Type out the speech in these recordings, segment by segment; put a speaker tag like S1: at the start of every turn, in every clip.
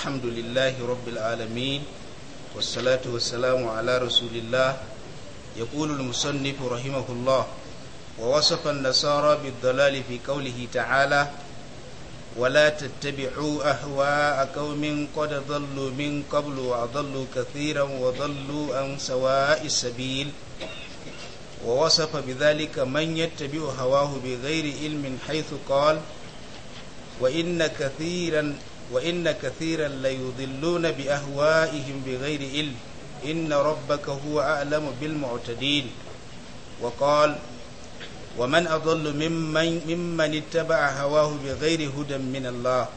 S1: الحمد لله رب العالمين والصلاة والسلام على رسول الله يقول المصنف رحمه الله ووصف النصارى بالضلال في قوله تعالى ولا تتبعوا أهواء قوم قد ضلوا من قبل وأضلوا كثيرا وضلوا عن سواء السبيل ووصف بذلك من يتبع هواه بغير علم حيث قال وإن كثيرا وإن كثيرا ليضلون بأهوائهم بغير علم إن ربك هو أعلم بالمعتدين وقال ومن أضل ممن, ممن اتبع هواه بغير هدى من الله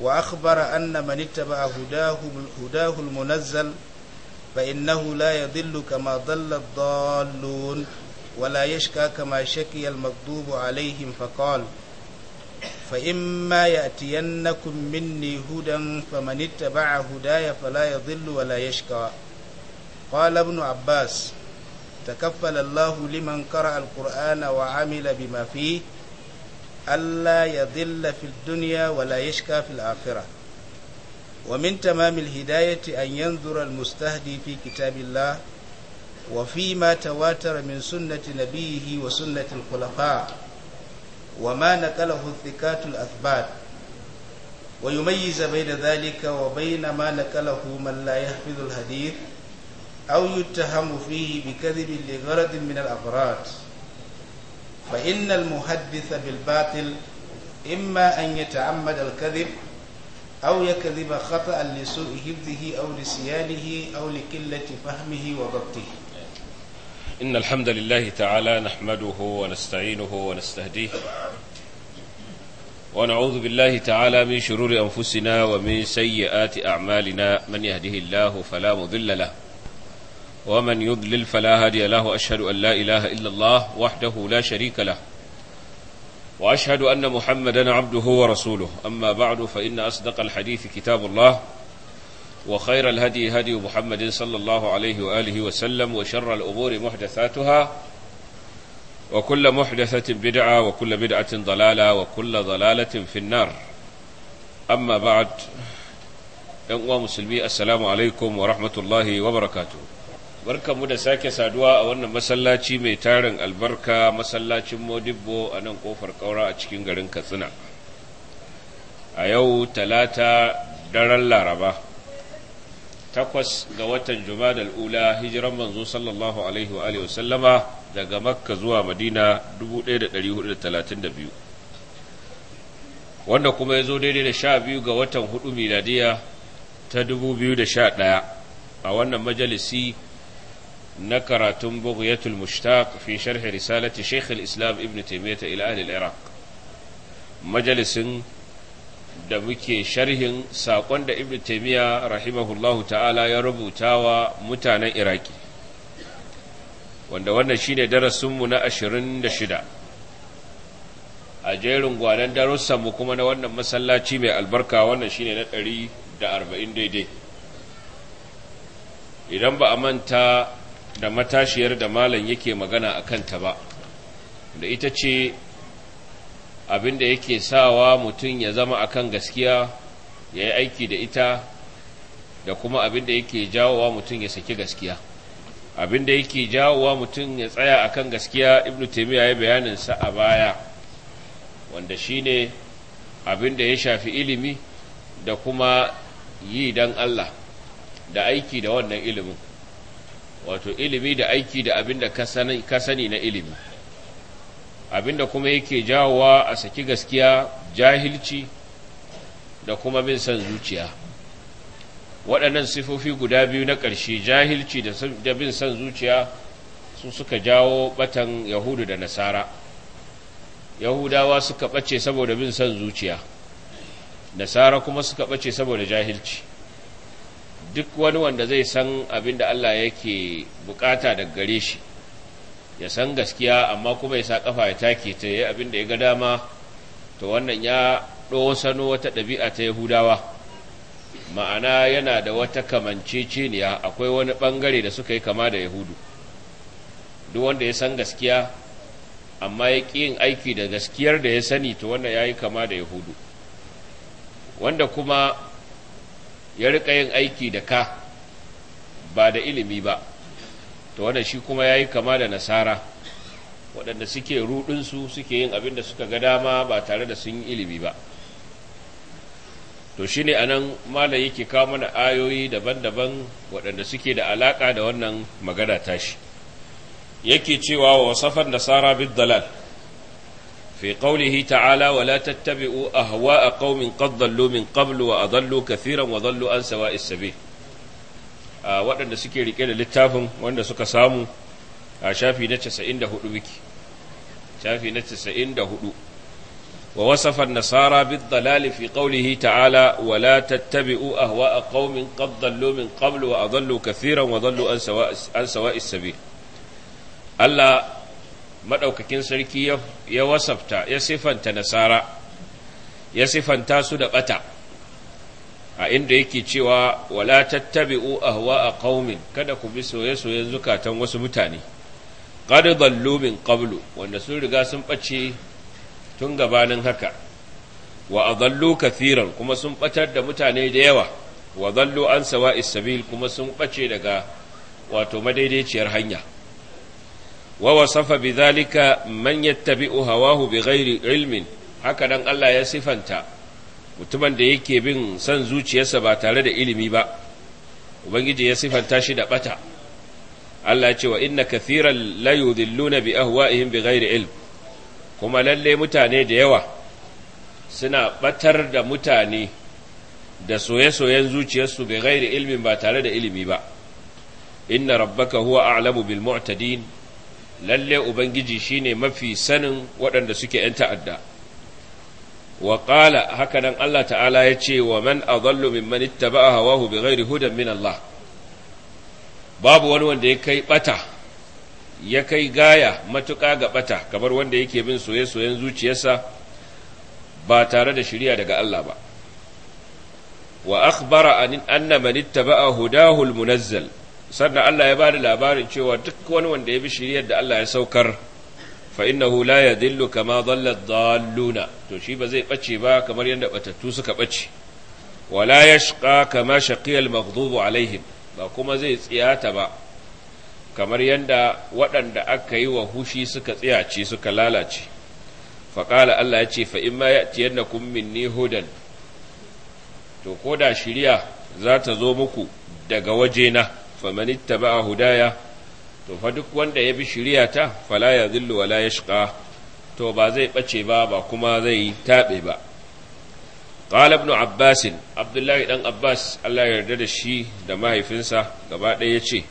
S1: وأخبر أن من اتبع هداه, هداه المنزل فإنه لا يضل كما ضل الضالون ولا يشكى كما شكي المكذوب عليهم فقال فإما يأتينكم مني هدى فمن اتبع هداي فلا يضل ولا يشقى قال ابن عباس تكفل الله لمن قرأ القرآن وعمل بما فيه ألا يضل في الدنيا ولا يشقى في الآخرة ومن تمام الهداية أن ينظر المستهدي في كتاب الله وفيما تواتر من سنة نبيه وسنة الخلفاء وما نقله الثقات الأثبات ويميز بين ذلك وبين ما نقله من لا يحفظ الحديث أو يتهم فيه بكذب لغرض من الأغراض فإن المحدث بالباطل إما أن يتعمد الكذب أو يكذب خطأ لسوء حفظه أو لسيانه أو لقلة فهمه وضبطه
S2: إن الحمد لله تعالى نحمده ونستعينه ونستهديه ونعوذ بالله تعالى من شرور أنفسنا ومن سيئات أعمالنا من يهده الله فلا مضل له ومن يضلل فلا هادي له أشهد أن لا إله إلا الله وحده لا شريك له وأشهد أن محمدا عبده ورسوله أما بعد فإن أصدق الحديث كتاب الله وخير الهدي هدي محمد صلى الله عليه وآله وسلم وشر الأمور محدثاتها وكل محدثة بدعة وكل بدعة ضلالة وكل ضلالة في النار أما بعد ‘yan musulmi assalamu alaikum wa rahmatullahi wa barakatu barka mu da sake saduwa a wannan masallaci mai tarin albarka masallacin Modibo a nan kofar kaura a cikin garin katsina a yau talata daren laraba takwas ga watan jumadal ula hijiran manzo sallallahu alaihi wa alihi wasallama daga makka zuwa madina 1432 wanda kuma ya zo daidai da sha biyu ga watan hudu miladiya ta 2011 a wannan majalisi na karatun bughyatul mushtaq fi sharhi risalati shaykh al-islam ibn taymiyyah ila ahli al-iraq majalisin da muke sharhin saƙon da ibn taimiyya rahimahullahu ta'ala ya rubuta wa mutanen iraki wanda wannan shine mu na ashirin da shida a jerin gwanon darussanmu kuma na wannan masallaci mai albarka wannan shine na ɗari da arba'in daidai idan ba a manta da matashiyar da malam yake magana a kanta ba da ita ce abinda yake sawa mutum ya zama akan gaskiya ya yi aiki da ita da kuma abinda yake jawowa mutum ya saki gaskiya abinda yake jawowa mutum ya tsaya akan gaskiya ibnu taimiyya ya bayanin sa a baya wanda shine abinda ya shafi ilimi da kuma yi don Allah da aiki da wannan ilimin wato ilimi da aiki da abinda ka sani na ilimi abinda kuma yake jawowa a saki gaskiya jahilci da kuma bin son zuciya waɗannan sifofi guda biyu na ƙarshe jahilci da bin san zuciya su suka jawo batan yahudu da nasara yahudawa suka ɓace saboda bin son zuciya nasara kuma suka ɓace saboda jahilci duk wani wanda zai san abin da allah yake bukata daga gare shi ya san gaskiya amma kuma ya sa kafa ya take ta yi abin da ya ga dama to wannan ya sano wata ɗabi'a ta yahudawa ma'ana yana da wata kamanceceniya akwai wani ɓangare da suka yi kama da yahudu duk wanda ya san gaskiya amma ya ƙi yin aiki da gaskiyar da ya sani to wannan ya yi kama da yahudu wanda kuma ya rika yin aiki da ka ba da ilimi ba to wannan shi kuma yayi kama da nasara waɗanda suke ruɗinsu suke yin abin da suka ga dama ba tare da sun yi ilimi ba to shi ne a nan malam yake kawo mana ayoyi daban-daban waɗanda suke da alaƙa da wannan magana tashi yake cewa wa wasafar nasara bid dalal fi qawlihi ta'ala wa la tattabi'u ahwa'a qaumin qad dallu min qablu wa adallu kathiran wa dallu an sawa'is sabil waɗanda suke rike da littafin wanda suka samu a shafi na 94 wiki shafi na 94 wa wasafa nasara bid dalali fi qawlihi ta'ala wa la tattabi'u ahwa'a qaumin qad dallu min qablu wa adallu kathiran wa dallu an sawa'is sabil Allah madaukakin sarki ya wasafta ya sifanta nasara ya sifanta su da bata a inda yake cewa wala tattabi'u a qaumin kada ku bi soye-soyen zukatan wasu mutane qad dallu min qablu wanda sun riga sun bace tun gabanin haka wa adallu kathiran kuma sun batar da mutane da yawa wa dallu an sawa'is sabil kuma sun bace daga wato madaidaiciyar hanya wa wasafa bidhalika man yattabi'u hawahu gairi ilmin haka dan Allah ya sifanta mutumin da yake bin son zuciyarsa ba tare da ilimi ba ubangiji ya sifanta shi da bata Allah ya ce wa inna kathiran la yudhilluna bi ahwa'ihim bighairi ilm kuma lalle mutane da yawa suna batar da mutane da soye-soyen zuciyarsu bighairi ilmin ba tare da ilimi ba inna rabbaka huwa a'lamu bil mu'tadin lalle ubangiji shine mafi sanin waɗanda suke 'yan ta'adda wa haka hakanan Allah ta'ala ya ce wa man adallu mimman ittaba'a hawahu bighairi hudan min Allah babu wani wanda ya kai ɓata ya kai gaya matuƙa ga ɓata kamar wanda yake bin soye-soyen zuciyarsa ba tare da shiriya daga Allah ba wa akhbara an anna man ittaba'a hudahu sannan Allah ya bada labarin cewa duk wani wanda ya bi shiriyar da Allah ya saukar fa hula ya yadhillu kama dhalla dhalluna to shi ba zai ɓace ba kamar yadda batattu suka bace wala yashqa kama shaqiya al-maghdubu alaihim ba kuma zai tsiyata ba kamar yadda waɗanda aka yi wa hushi suka tsiyace suka lalace faƙala Allah ya ce fa'in ma ya ciyar minni hudan to ko da shirya za ta zo muku daga wajena famanitta ba a hudaya to fa duk wanda ya bi shiriya ta fala ya zillu wala yashqa to ba zai bace ba ba kuma zai tabe ba qala ibn abbas abdullahi dan abbas Allah ya yarda da shi da mahaifinsa gaba ɗaya yace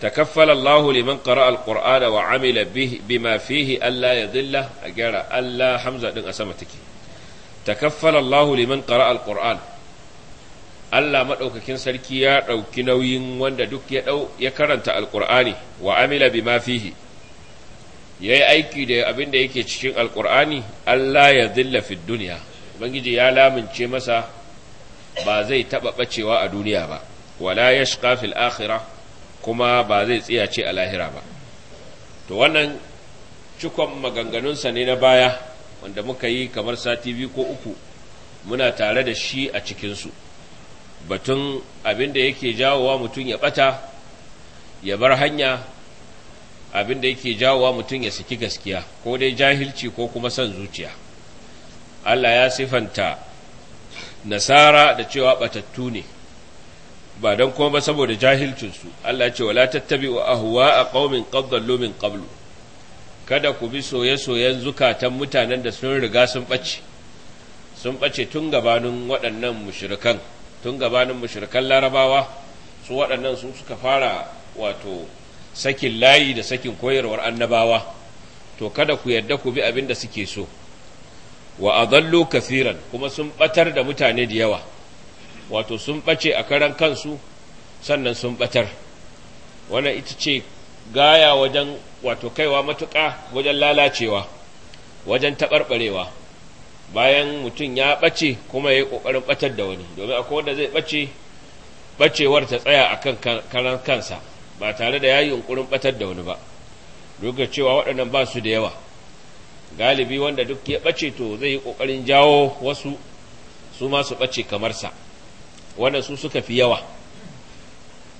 S2: takaffala Allahu liman qara'a al-qur'ana wa amila bihi bima fihi alla yadhilla agara Allah hamza din a sama take takaffala Allahu liman qara'a al Allah maɗaukakin sarki ya ɗauki nauyin wanda duk ya ɗau ya karanta alƙur'ani wa amila bi fihi ya yi aiki da abin da yake cikin alƙur'ani Allah ya zilla fi duniya Ubangiji ya lamince masa ba zai taɓa ɓacewa a duniya ba wala ya shiga fil akhira kuma ba zai tsiyace a lahira ba to wannan cikon maganganunsa ne na baya wanda muka yi kamar sati biyu ko uku muna tare da shi a cikinsu batun abin da yake jawowa mutum ya bata ya bar hanya abin da yake jawowa mutum ya saki gaskiya ko dai jahilci ko kuma san zuciya Allah ya sifanta nasara da cewa batattu ne ba don kuma ba saboda jahilcin su Allah ce wala tattabi'u ahwa'a qaumin qad dallu min qablu kada ku bi soye-soyen zukatan mutanen da sun riga sun ɓace sun ɓace tun gabanin waɗannan mushrikan tun gabanin mushrikan larabawa su waɗannan su suka fara wato sakin layi da sakin koyarwar annabawa to kada ku yadda ku bi abin da suke so wa adallu kafiran kuma sun batar da mutane da yawa wato sun bace a karan kansu sannan sun batar wannan ita ce gaya wajen wato kaiwa matuƙa wajen lalacewa wajen taɓarɓarewa bayan mutum ya ɓace kuma ya yi ƙoƙarin ɓatar da wani domin akwai wanda zai ɓace ɓacewar ta tsaya a kan karan kansa ba tare da ya yi yunƙurin ɓatar da wani ba duk da cewa waɗannan ba su da yawa galibi wanda duk ya ɓace to zai yi ƙoƙarin jawo wasu su ma su ɓace kamar sa wannan su suka fi yawa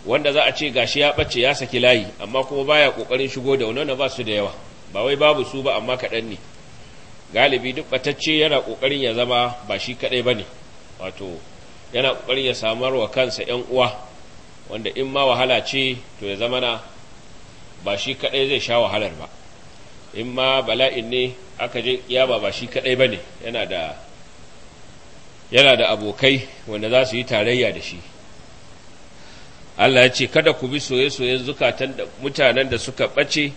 S2: wanda za a ce gashi ya ɓace ya saki layi amma kuma baya ƙoƙarin shigo da wani ba su da yawa ba wai babu su ba amma kaɗan ne galibi duk batacce yana kokarin ya zama ba shi kadai bane wato yana kokarin ya samar wa kansa yan uwa wanda in ma wahala ce to ya zama na ba shi kadai zai sha wahalar ba in ma bala'in ne aka je ya ba ba shi kadai bane yana da yana da abokai wanda za su yi tarayya da shi Allah ya ce kada ku bi soye-soyen zukatan da mutanen da suka ɓace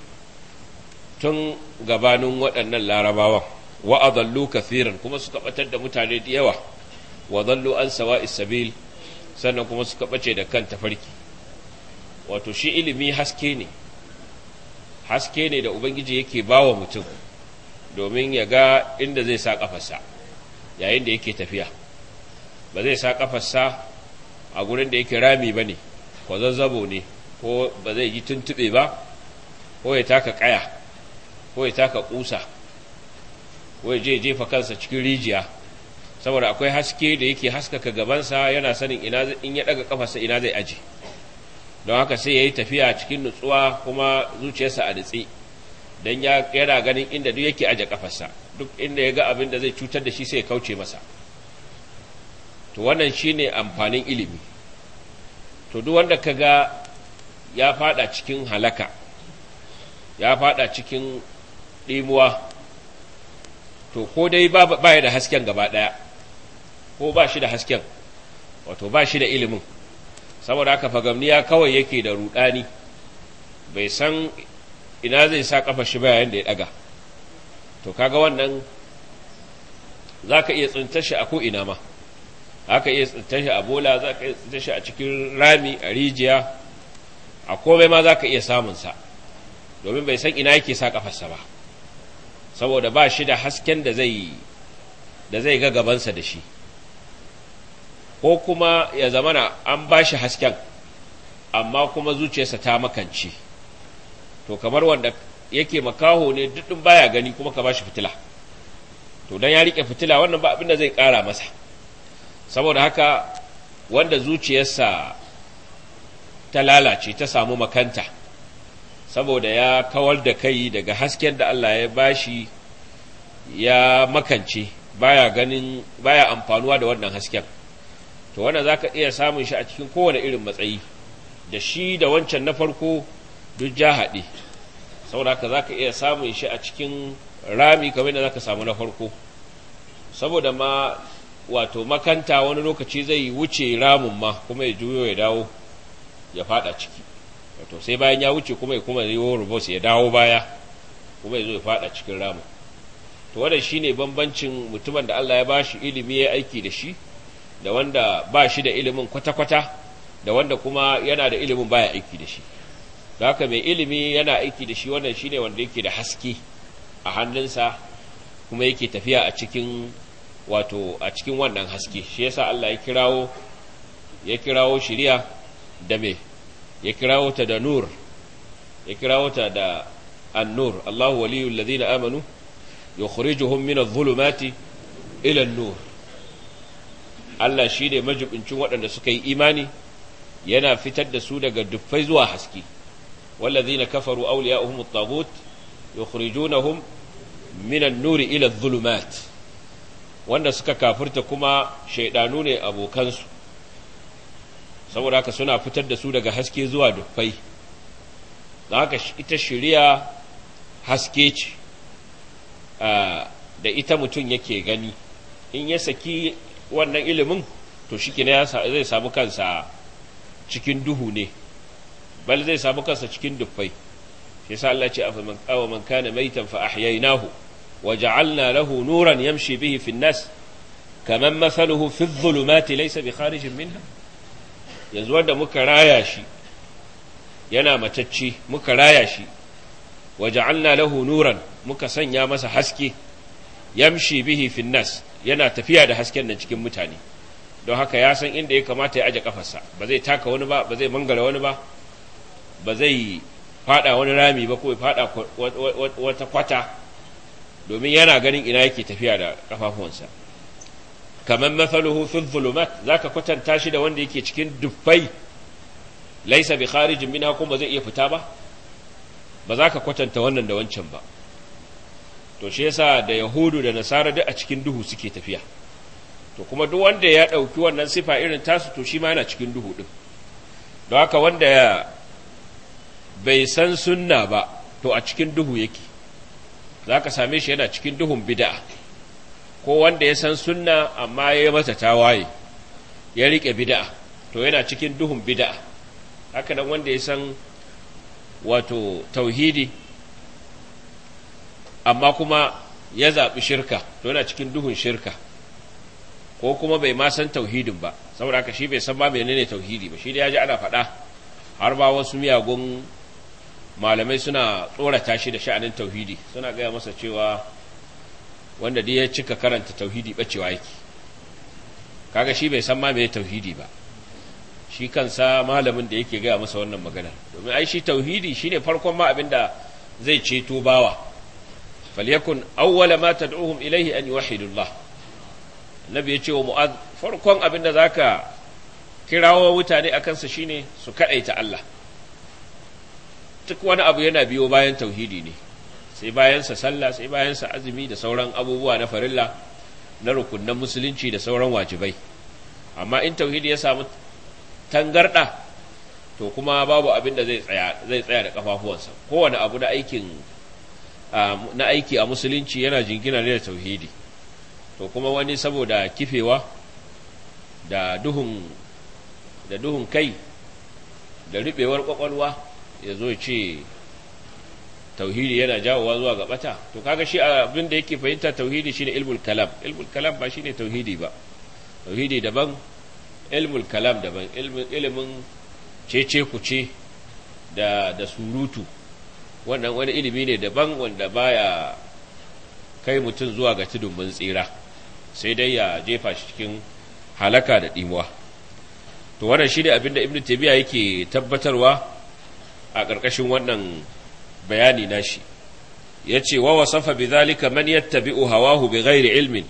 S2: tun gabanin waɗannan larabawan wa adallu kathiran kuma suka batar da mutane da yawa wa dallu an sawa'is sabil sannan kuma suka bace da kan tafarki wato shi ilimi haske ne haske ne da ubangiji yake bawa mutum domin ya ga inda zai sa kafarsa yayin da yake tafiya ba zai sa kafarsa a gurin da yake rami bane ko zazzabo ne ko ba zai yi tuntube ba ko ya taka kaya ko ya taka kusa ko ya je jefa kansa cikin rijiya saboda akwai haske da yake haskaka gabansa yana sanin ina in ya daga kafarsa ina zai aje don haka sai ya yi tafiya cikin nutsuwa kuma zuciyarsa a nutsi don yana ganin inda duk yake aje kafarsa duk inda ya ga abin da zai cutar da shi sai ya kauce masa to wannan shine amfanin ilimi to duk wanda ka ga ya fada cikin halaka ya fada cikin ɗimuwa to ko dai ba ya da hasken gaba ɗaya ko ba shi da hasken wato ba shi da ilimin saboda haka fagamniya kawai yake da rudani bai san ina zai sa kafa shi ba yayin da ya daga to kaga wannan za ka iya tsintar shi a ko'ina ma za iya tsintar shi a bola za ka iya tsintar shi a cikin rami a rijiya a komai ma za ka iya samunsa domin bai san ina yake sa kafarsa ba saboda ba shi da hasken da zai ga gabansa da shi ko kuma ya zamana an ba shi hasken amma kuma zuciyarsa ta makance to kamar wanda yake makaho ne duɗin baya gani kuma ka ba shi fitila to don ya riƙe fitila wannan ba abin da zai ƙara masa saboda haka wanda zuciyarsa ta lalace ta samu makanta saboda ya kawar da kai daga hasken da Allah ya bashi ya makance baya ganin baya amfanuwa da wannan hasken to wannan zaka iya samun shi a cikin kowane irin matsayi da shi da wancan na farko duk ja haɗe saboda haka zaka iya samun shi a cikin rami kamar yadda zaka samu na farko saboda ma wato makanta wani lokaci zai wuce ramin ma kuma ya juyo ya dawo ya faɗa ciki Wato sai bayan ya wuce kuma ya kuma yiwo rubos ya dawo baya kuma ya zo ya fada cikin ramu to wannan shine bambancin mutumin da Allah ya bashi ilimi ya aiki da shi da wanda ba shi da ilimin kwata-kwata da wanda kuma yana da ilimin baya aiki da shi da haka mai ilimi yana aiki da shi wannan shine wanda yake da haske a hannunsa kuma yake tafiya a cikin wato a cikin wannan haske shi yasa Allah ya kirawo ya kirawo shiriya da me ya kirawo ta da nur ya kirawo ta da annur Allahu waliyul ladina amanu yukhrijuhum min adh-dhulumati ila an-nur Allah shine majibincin waɗanda suka yi imani yana fitar da su daga duffai zuwa haske والذين كفروا أولياؤهم الطاغوت يخرجونهم من النور إلى الظلمات wanda suka kafirta kuma shaidanu ne abokansu saboda haka suna fitar da su daga haske zuwa duffai don haka ita shirya haske ce da ita mutum yake gani in ya saki wannan ilimin to shi zai samu kansa cikin duhu ne bal zai samu kansa cikin duffai shi yasa Allah ce afa man kana maitan fa ahyaynahu wa ja'alna lahu nuran yamshi bihi fi nas kaman mathaluhu fi dhulumati laysa bi kharijin minha yanzu wanda muka raya shi yana matacci muka raya shi waja'alna lahu nuran muka sanya masa haske yamshi bihi fin yana tafiya da hasken nan cikin mutane don haka ya san inda ya kamata ya aje kafarsa ba zai taka wani ba ba zai mangara wani ba ba zai fada wani rami ba ko ya fada wata kwata domin yana ganin ina yake tafiya da kafafuwansa kamar mafaluhu fi zulumat zaka kwatanta shi da wanda yake cikin dubbai laisa bi kharijin minha kuma zai iya fita ba ba za ka kwatanta wannan da wancan ba to shi yasa da yahudu da nasara duk a cikin duhu suke tafiya to kuma duk wanda ya ɗauki wannan sifa irin tasu to shi ma yana cikin duhu din don haka wanda ya bai san sunna ba to a cikin duhu yake za ka same shi yana cikin duhun bida. ko wanda ya san sunna amma ya yi mata tawaye ya rike bida'a to yana cikin duhun bida'a haka nan wanda ya san wato tauhidi amma kuma ya zaɓi shirka to yana cikin duhun shirka ko kuma bai ma san tauhidin ba saboda haka shi bai san ba menene tauhidi ba shi da ya ji ana faɗa har ba wasu miyagun malamai suna tsorata shi da sha'anin tauhidi suna gaya masa cewa wanda dai ya cika karanta tauhidi bacewa yake kaga shi bai san ma me tauhidi ba shi kansa malamin da yake gaya masa wannan magana domin ai shi tauhidi shine farkon ma abin da zai ceto bawa falyakun awwala ma tad'uhum ilayhi an yuwahhidullah annabi ya ce wa mu'adh farkon abin da zaka kirawo mutane akan sa shine su kadaita Allah duk wani abu yana biyo bayan tauhidi ne sai bayansa sallah sai bayansa azumi da sauran abubuwa na farilla na rukunnan musulunci da sauran wajibai amma in tauhidi ya samu tangarda to kuma babu abin da zai tsaya zai tsaya da kafafuwansa kowane abu na aikin na aiki a musulunci yana jingina ne da tauhidi to kuma wani saboda kifewa da duhun da duhun kai da rubewar kwakwalwa ya zo ce tauhidi yana jawowa zuwa ga bata to kaga shi abin da yake fahimta tauhidi shine ilmul kalam ilmul kalam ba shine tauhidi ba tauhidi daban ilmul kalam daban ilimin cece kuce da da surutu wannan wani ilimi ne daban wanda baya kai mutum zuwa ga tudun mun tsira sai dai ya jefa shi cikin halaka da dimuwa to wannan shine abin da ibnu tabiya yake tabbatarwa a ƙarƙashin wannan bayani nashi ya ce wa wasafa bi zalika man yattabi'u hawahu bi ghairi ilmin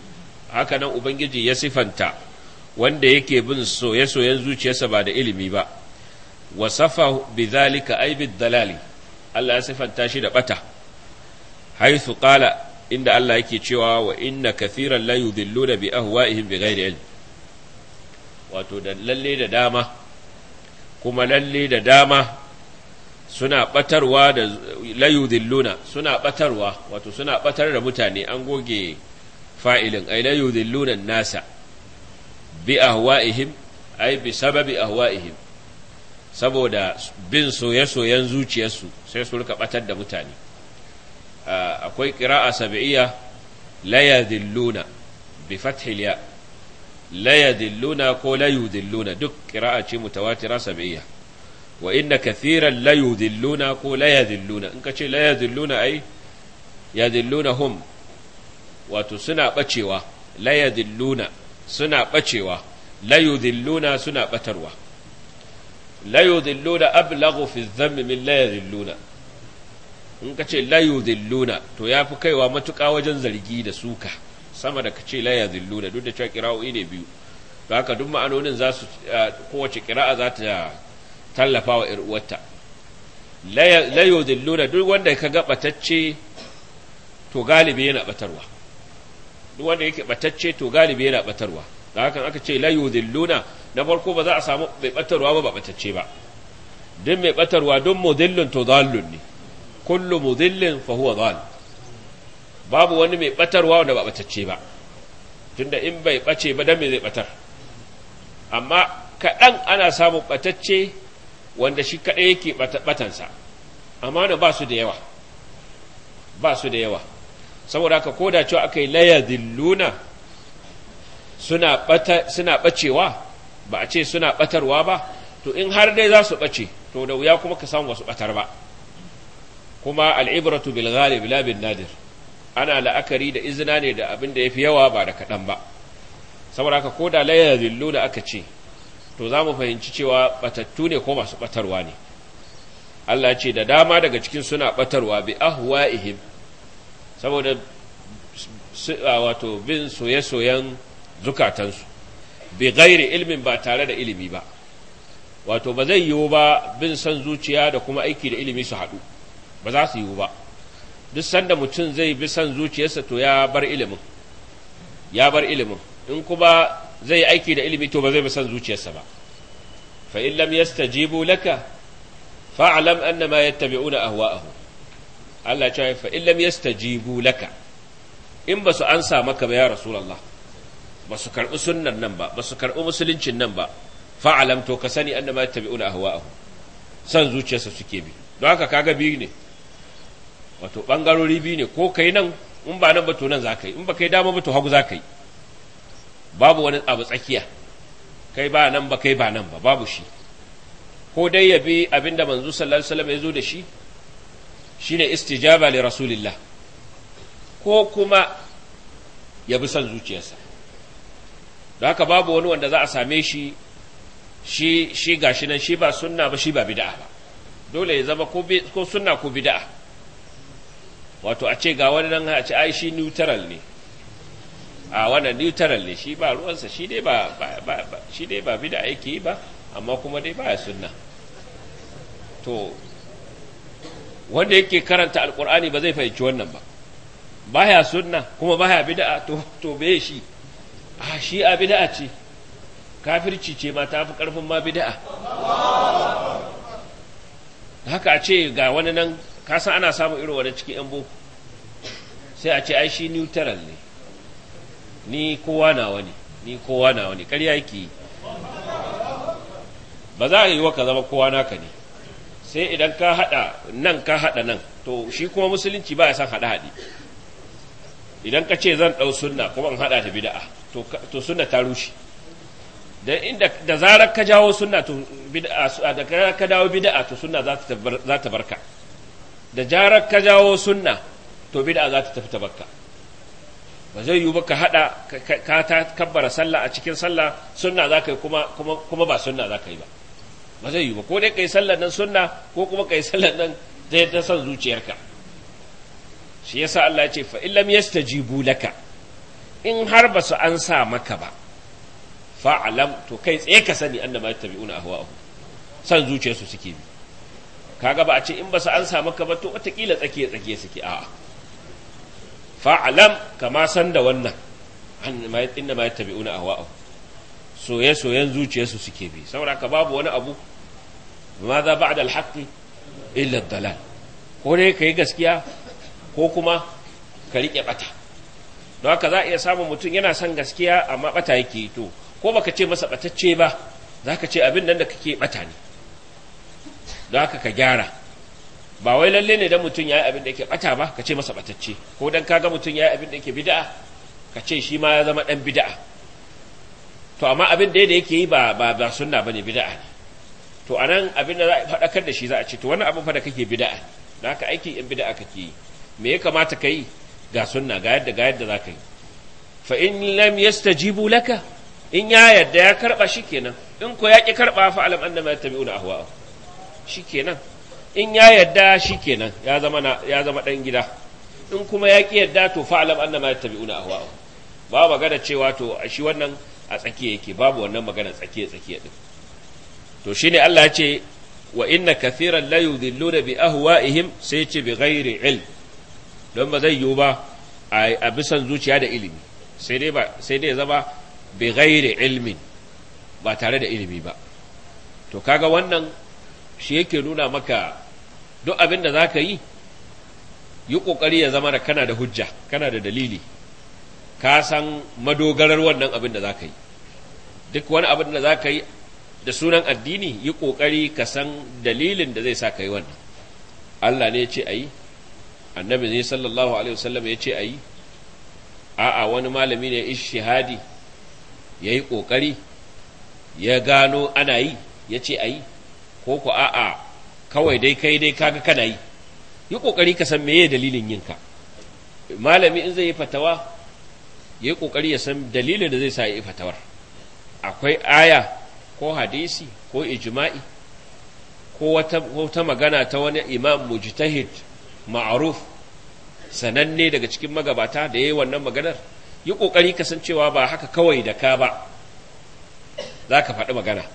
S2: haka nan ubangiji ya sifanta wanda yake bin soye-soyen zuciyarsa ba da ilimi ba wasafa bi zalika ay bid dalali Allah ya sifanta shi da bata haythu qala inda Allah yake cewa wa inna kathiran la yudhilluna bi ahwa'ihim bi ghairi ilm wato da lalle da dama kuma lalle da dama suna batarwa da layudilluna suna batarwa wato suna batar da mutane an goge fa'ilin ai layudilluna nasa bi ahwa'ihim ai bi sababi ahwa'ihim saboda bin soye-soyen zuciyarsu sai su rika batar da mutane akwai ƙira'a sabi'iyya layadilluna bi fathiliya layadilluna ko layudilluna duk ƙira'a ce mutawatira sabi'iyya wa inna kathiran la yudilluna ko la yadilluna in ka ce la yadilluna ai yadilluna hum wato suna bacewa la yadilluna suna bacewa la yudilluna suna batarwa la yudilluna ablagu fi dhammi min la yadilluna in ka ce la yudilluna to yafi kaiwa matuka wajen zargi da suka sama da ka ce la yadilluna duk da cewa qira'o'i ne biyu to haka duk ma'anonin za su kowace qira'a za ta tallafa wa ‘yar uwarta layo dilluna duk wanda ka ga ɓatacce to galibi yana batarwa duk wanda yake ɓatacce to galibi yana batarwa da hakan aka ce layo dilluna na farko ba za a samu mai batarwa ba ba ɓatacce ba duk mai ɓatarwa don mudillin to zallun ne kullu mudillin fa huwa zal babu wani mai batarwa wanda ba ɓatacce ba tunda in bai bace ba dan me zai ɓatar amma kaɗan ana samun ɓatacce wanda shi kaɗai yake batansa amana ba su da yawa ba su da yawa saboda haka koda cewa aka yi layadilluna suna suna bacewa ba a ce suna ɓatarwa ba to in har dai za su ɓace to da wuya kuma ka samu wasu ɓatar ba kuma al'ibratu bil ghalib la bin nadir ana la'akari da izina ne da abin da yafi yawa ba da kaɗan ba saboda haka koda layadilluna aka ce to za mu fahimci cewa batattu ne ko masu batarwa ne Allah ce da dama daga cikin suna batarwa bi ihim saboda wato bin soye-soyen zukatansu bi gairi ilmin ba tare da ilimi ba wato ba zai yiwu ba bin san zuciya da kuma aiki da ilimi su haɗu ba za su yiwu ba duk sanda mutum zai bi san zuciyarsa to ya bar ilimin ya bar ilimin in kuma zai aiki da ilimi to ba zai san zuciyarsa ba fa in lam yastajibu laka Fa fa'lam annama yattabi'una ahwa'ahum Allah ya fa in lam yastajibu laka in ba su ansa maka ba ya rasulullah ba su karbi sunnan nan ba ba su karbi musuluncin nan ba fa'lam to ka sani annama yattabi'una ahwa'ahum san zuciyarsa suke bi don haka kaga biyu ne wato bangarori biyu ne ko kai nan in ba nan ba to nan za ka yi in ba kai dama ba to hagu za ka yi babu wani abu tsakiya kai ba nan ba kai ba nan ba babu shi ko dai ya bi abinda manzo sallallahu alaihi wasallam ya zo da shi shine istijaba li rasulillah ko kuma ya bi son zuciyarsa don haka babu wani wanda za a same shi shi shi gashi nan shi ba sunna ba shi ba bid'a ba dole ya zama ko ko sunna ko bid'a wato a ce ga wani nan a ce ai shi neutral ne a wannan neutral ne shi ba ruwansa shi dai ba shi dai ba yake ba amma kuma dai baya sunna to wanda yake karanta alkur'ani ba zai fahimci wannan ba baya sunna kuma baya bid'a to to be shi a shi a bid'a ce kafirci ce ma ta fi karfin ma bid'a haka a ce ga wani nan kasan ana samun irin wani cikin yan boko sai a ce ai shi neutral ne ni kowa na wani ni kowa na wani ƙarya yake yi ba za a yi wa ka zama kowa naka ne sai idan ka haɗa nan ka haɗa nan to shi kuma musulunci ba ya san haɗa haɗi idan ka ce zan ɗau suna kuma in haɗa ta bida'a to suna ta rushe inda da zarar ka jawo suna to bida'a da zarar ka dawo bida'a to suna za ta barka da jarar ka jawo suna to bida'a za ta tafi ta barka ba zai yiwu ba ka haɗa ka ta kabbara sallah a cikin sallah sunna za ka yi kuma, kuma, ba sunna za ka yi ba ba zai yiwu ba ko dai ka yi sallah nan sunna ko kuma ka yi sallah nan zai ta son zuciyarka shi ya sa Allah ya ce fa illam yastajibu laka in har ba su an sa maka ba fa'alam to kai tsaye ka sani an annama yattabi'una ahwa'ahum san zuciyarsu suke bi kaga ba a ce in ba su an sa maka ba to wataƙila tsakiya tsakiya suke a'a fa'alam kama san da wannan inda ma yattabi'una ahwa'ahum soye soyen zuciyarsu suke bi saboda ka babu wani abu ma za da alhaqi illa dalal ko dai yi gaskiya ko kuma ka rike bata don haka za a iya samun mutum yana son gaskiya amma bata yake to ko baka ce masa batacce ba za ka ce abin nan da kake bata ne don haka ka gyara ba wai lalle ne dan mutum yayi abin da yake bata ba ka ce masa batacce ko dan kaga mutum yayi abin da yake bid'a ka ce shi ma ya zama dan bid'a to amma abin da yake yi ba ba ba sunna bane bid'a ne to anan abin da za a fadakar da shi za a ce to wannan abin fa da kake bid'a da ka aiki in bid'a kake yi me ya kamata ka yi ga sunna ga yadda ga yadda za ka yi fa in lam yastajibu laka in ya yadda ya karba shikenan in ko ya ki karba fa alam annama yattabi'una ahwa'ahum shikenan in ya yarda shi kenan ya zama ɗan gida in kuma ya ki yarda to fa'alam annama yattabi'una ahwa'ahum ba magana cewa to a shi wannan a tsakiya yake babu wannan magana tsakiya tsakiya ɗin to ne Allah ce wa inna kathiran la yudhilluna bi ihim sai ce bi ghairi il don ba zai yiwu ba a bisan zuciya da ilimi sai dai ya zama bi ghairi ilmin ba tare da ilimi ba to kaga wannan shi yake nuna maka duk abin da za ka yi yi ƙoƙari ya zama da kana da hujja kana da dalili ka san madogarar wannan abin da za ka yi duk wani abin da za ka yi da sunan addini yi ƙoƙari ka san dalilin da zai sa ka yi wannan Allah ne ya ce a yi annabi ne sallallahu alaihi wasallam ya ce a yi a'a wani malami ne ya shahadi ya yi ƙoƙari ya gano ana yi ya ce a yi ko ku a'a kawai dai kai dai kaga kana yi yi kokari ka san meye dalilin yinka malami in zai yi fatawa ya yi kokari ya san dalilin da zai sa yi fatawar akwai aya ko hadisi ko ijma'i ko wata magana ta wani imam mujtahid ma'aruf sananne daga cikin magabata da ya yi wannan maganar yi kokari cewa ba haka kawai da ka ba za ka faɗi magana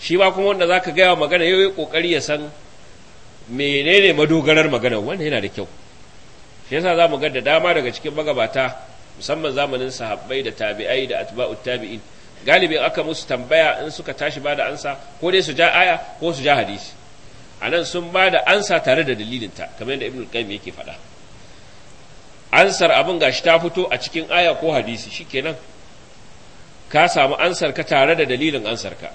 S2: shi ba kuma wanda za ka gaya wa magana yau yi ƙoƙari ya san menene madogarar magana wanda yana da kyau shi yasa za mu ga da dama daga cikin magabata musamman zamanin sahabbai da tabi'ai da atba'ut tabi'in galibi aka musu tambaya in suka tashi ba da ansa ko dai su ja aya ko su ja hadisi a nan sun ba da ansa tare da dalilin ta. kamar yadda ibn qayyim yake faɗa ansar abin gashi ta fito a cikin aya ko hadisi shikenan ka samu ansar ka tare da dalilin ansar ka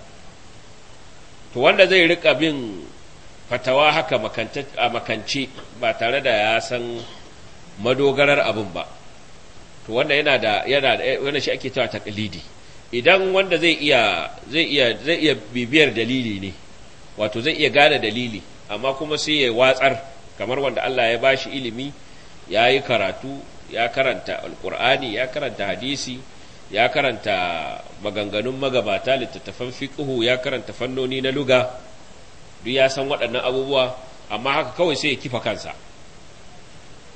S2: to wanda zai rika bin fatawa haka a makance ba tare da ya san madogarar abin ba to wanda yana da yana da eh, wanda shi ake cewa taqlidi idan wanda zai iya zai iya zai iya bibiyar dalili ne wato zai iya gane dalili amma kuma sai ya watsar kamar wanda Allah ya bashi ilimi ya yi karatu ya karanta alqur'ani ya karanta hadisi ya karanta maganganun magabata littattafan fiƙihu ya karanta fannoni na luga duk ya san waɗannan abubuwa amma haka kawai sai ya kifa kansa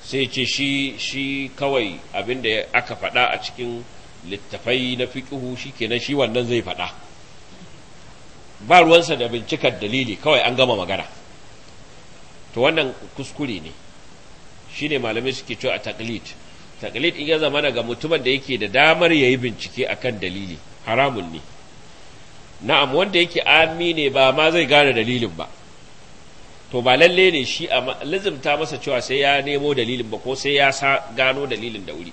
S2: sai ce shi shi kawai abinda aka faɗa a cikin littafai na shi na shi wannan zai faɗa ba ruwansa da bincikar dalili kawai an gama magana to wannan kuskure ne shi ne malamai suke cewa a taklid. taklid in ya zama daga mutumin da yake da damar ya yi bincike akan dalili haramun ne na'am wanda yake ami ne ba ma zai gane dalilin ba to ba lalle ne shi a lizimta masa cewa sai ya nemo dalilin ba ko sai ya sa gano dalilin da wuri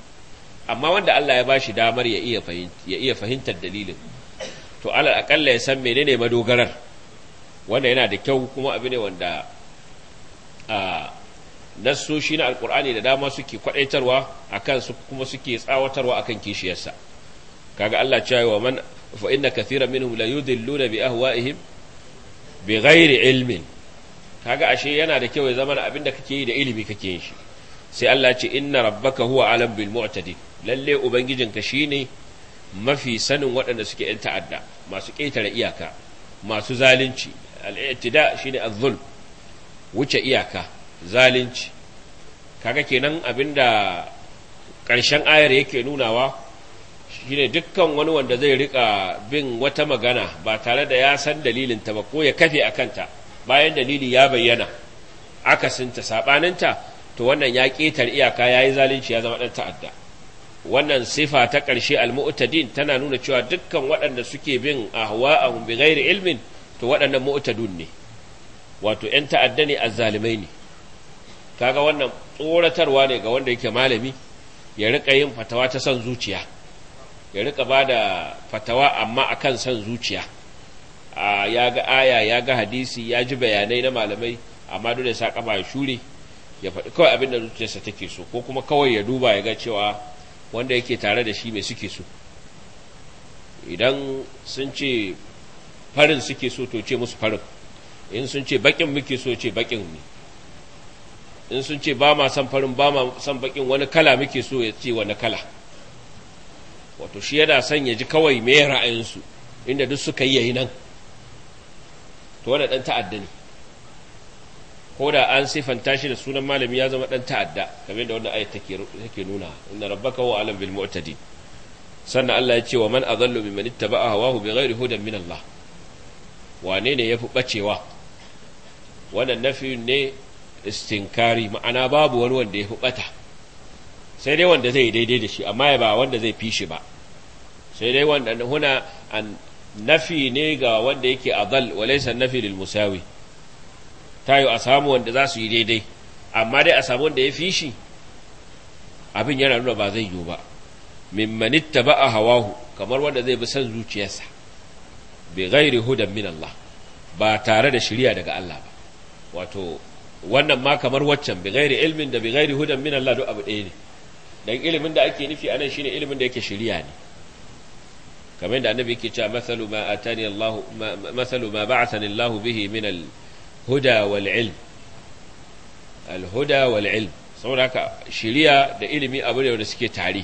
S2: amma wanda Allah ya bashi damar ya iya fahimtar dalilin to alal akalla ya san Mene ne madogarar wanda yana da kyau kuma abu ne wanda ah, nassoshi na alkur'ani da dama suke kwadaitarwa akan su kuma suke tsawatarwa akan kishiyarsa kaga Allah cewa wa man fa inna kathiran minhum la yudilluna bi ahwa'ihim bi ghairi ilmin kaga ashe yana da kyau ya zama abinda kake yi da ilimi kake yin shi sai Allah ce inna rabbaka huwa alam bil mu'tadi lalle ubangijinka shine mafi sanin waɗanda suke yan ta'adda masu ƙetare iyaka masu zalunci al-i'tida shine az wuce iyaka zalunci kaga kenan abinda ƙarshen ayar yake nunawa shine dukkan wani wanda zai rika bin wata magana ba tare da ya san dalilinta ba ko ya kafe a kanta bayan dalili ya bayyana akasinta saɓaninta to wannan ya ketar iyaka ya yi zalunci ya zama ɗan ta'adda wannan sifa ta ƙarshe al-mu'tadin tana nuna cewa dukkan waɗanda suke bin ahwa'ahum bighairi ilmin to waɗannan mu'tadun ne wato 'yan ta'adda ne azzalimai ne kaga wannan tsoratarwa ne ga wanda yake malami ya rika yin fatawa ta son zuciya ya rika bada fatawa amma akan san zuciya ya ga aya ya ga hadisi ya ji bayanai na malamai amma dole sa kama ya shure ya faɗi kawai abin da zuciyarsa take so ko kuma kawai ya duba ya ga cewa wanda yake tare da shi mai suke so idan sun ce farin suke so to ce musu farin in sun ce bakin muke so ce bakin ne in sun ce ba ma san farin ba ma san bakin wani kala muke so ya ce wani kala wato shi yana son ya ji kawai me ra'ayinsu inda duk suka yi nan to wani dan ta'adda ne ko da an sifanta shi da sunan malami ya zama dan ta'adda kamar da wannan ayat take nuna inna rabbaka huwa alim bil mu'tadin sannan Allah ya ce wa man adallu mimman ittaba'a hawahu bighairi hudan min Allah wane ne yafi bacewa wannan nafi ne istinkari ma'ana babu wani wanda ya fi sai dai wanda zai daidai da shi amma ba wanda zai fi shi ba sai dai wanda huna an nafi ne ga wanda yake azal wa laysa nafi lil musawi tayo a samu wanda za su yi daidai amma dai a samu wanda ya fi shi abin yana nuna ba zai yiwu ba mimman ittaba'a hawahu kamar wanda zai bi san zuciyarsa bi ghairi hudan min Allah ba tare da shiriya daga Allah ba wato wannan ma kamar waccan bi gairi ilmin da bi gairi hudan min Allah duk abu ɗaya ne dan ilimin da ake nufi anan shine ilimin da yake shari'a ne kamar yadda annabi yake cewa masalu ma atani Allah masalu ma ba'athani Allah bihi min al-huda wal ilm al-huda wal ilm saboda haka shari'a da ilimi abu ne wanda suke tare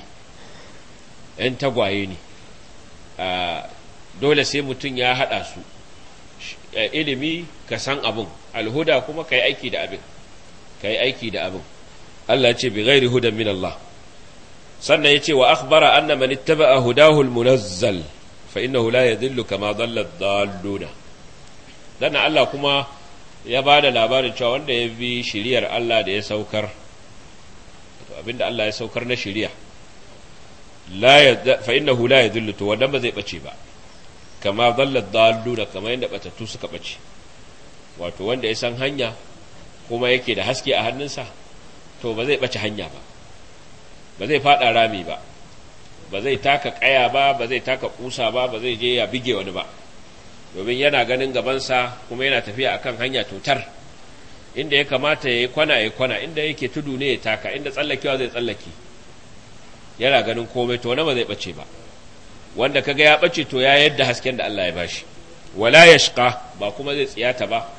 S2: yan tagwaye ne ah, dole sai mutum ya hada su Eh, ilimi ka san abin alhuda kuma ka yi aiki da abin ka yi aiki da abin Allah ce bi gairi hudan min Allah sannan ya ce wa akhbara anna man ittaba'a hudahu almunazzal fa innahu la yadhillu kama dhalla dhalluna dan Allah kuma ya ba da labarin cewa wanda ya bi shiriyar Allah da ya saukar abinda Allah ya saukar na shiriya la ya fa innahu la yadhillu to wannan ba zai bace ba kama zallar daluna kama yadda batattu suka bace wato wanda ya san hanya kuma yake da haske a hannunsa to ba zai bace hanya ba ba zai fada rami ba ba zai taka kaya ba ba zai taka kusa ba ba zai je ya bige wani ba domin yana ganin gaban sa kuma yana tafiya akan hanya tutar inda ya kamata ya yi kwana ya kwana inda yake tudu ne ya taka inda tsallakewa zai tsallake yana ganin komai to wani ba zai bace ba wanda kaga ya bace to ya yadda hasken da Allah ya bashi wala yashqa ba kuma zai tsiyata ba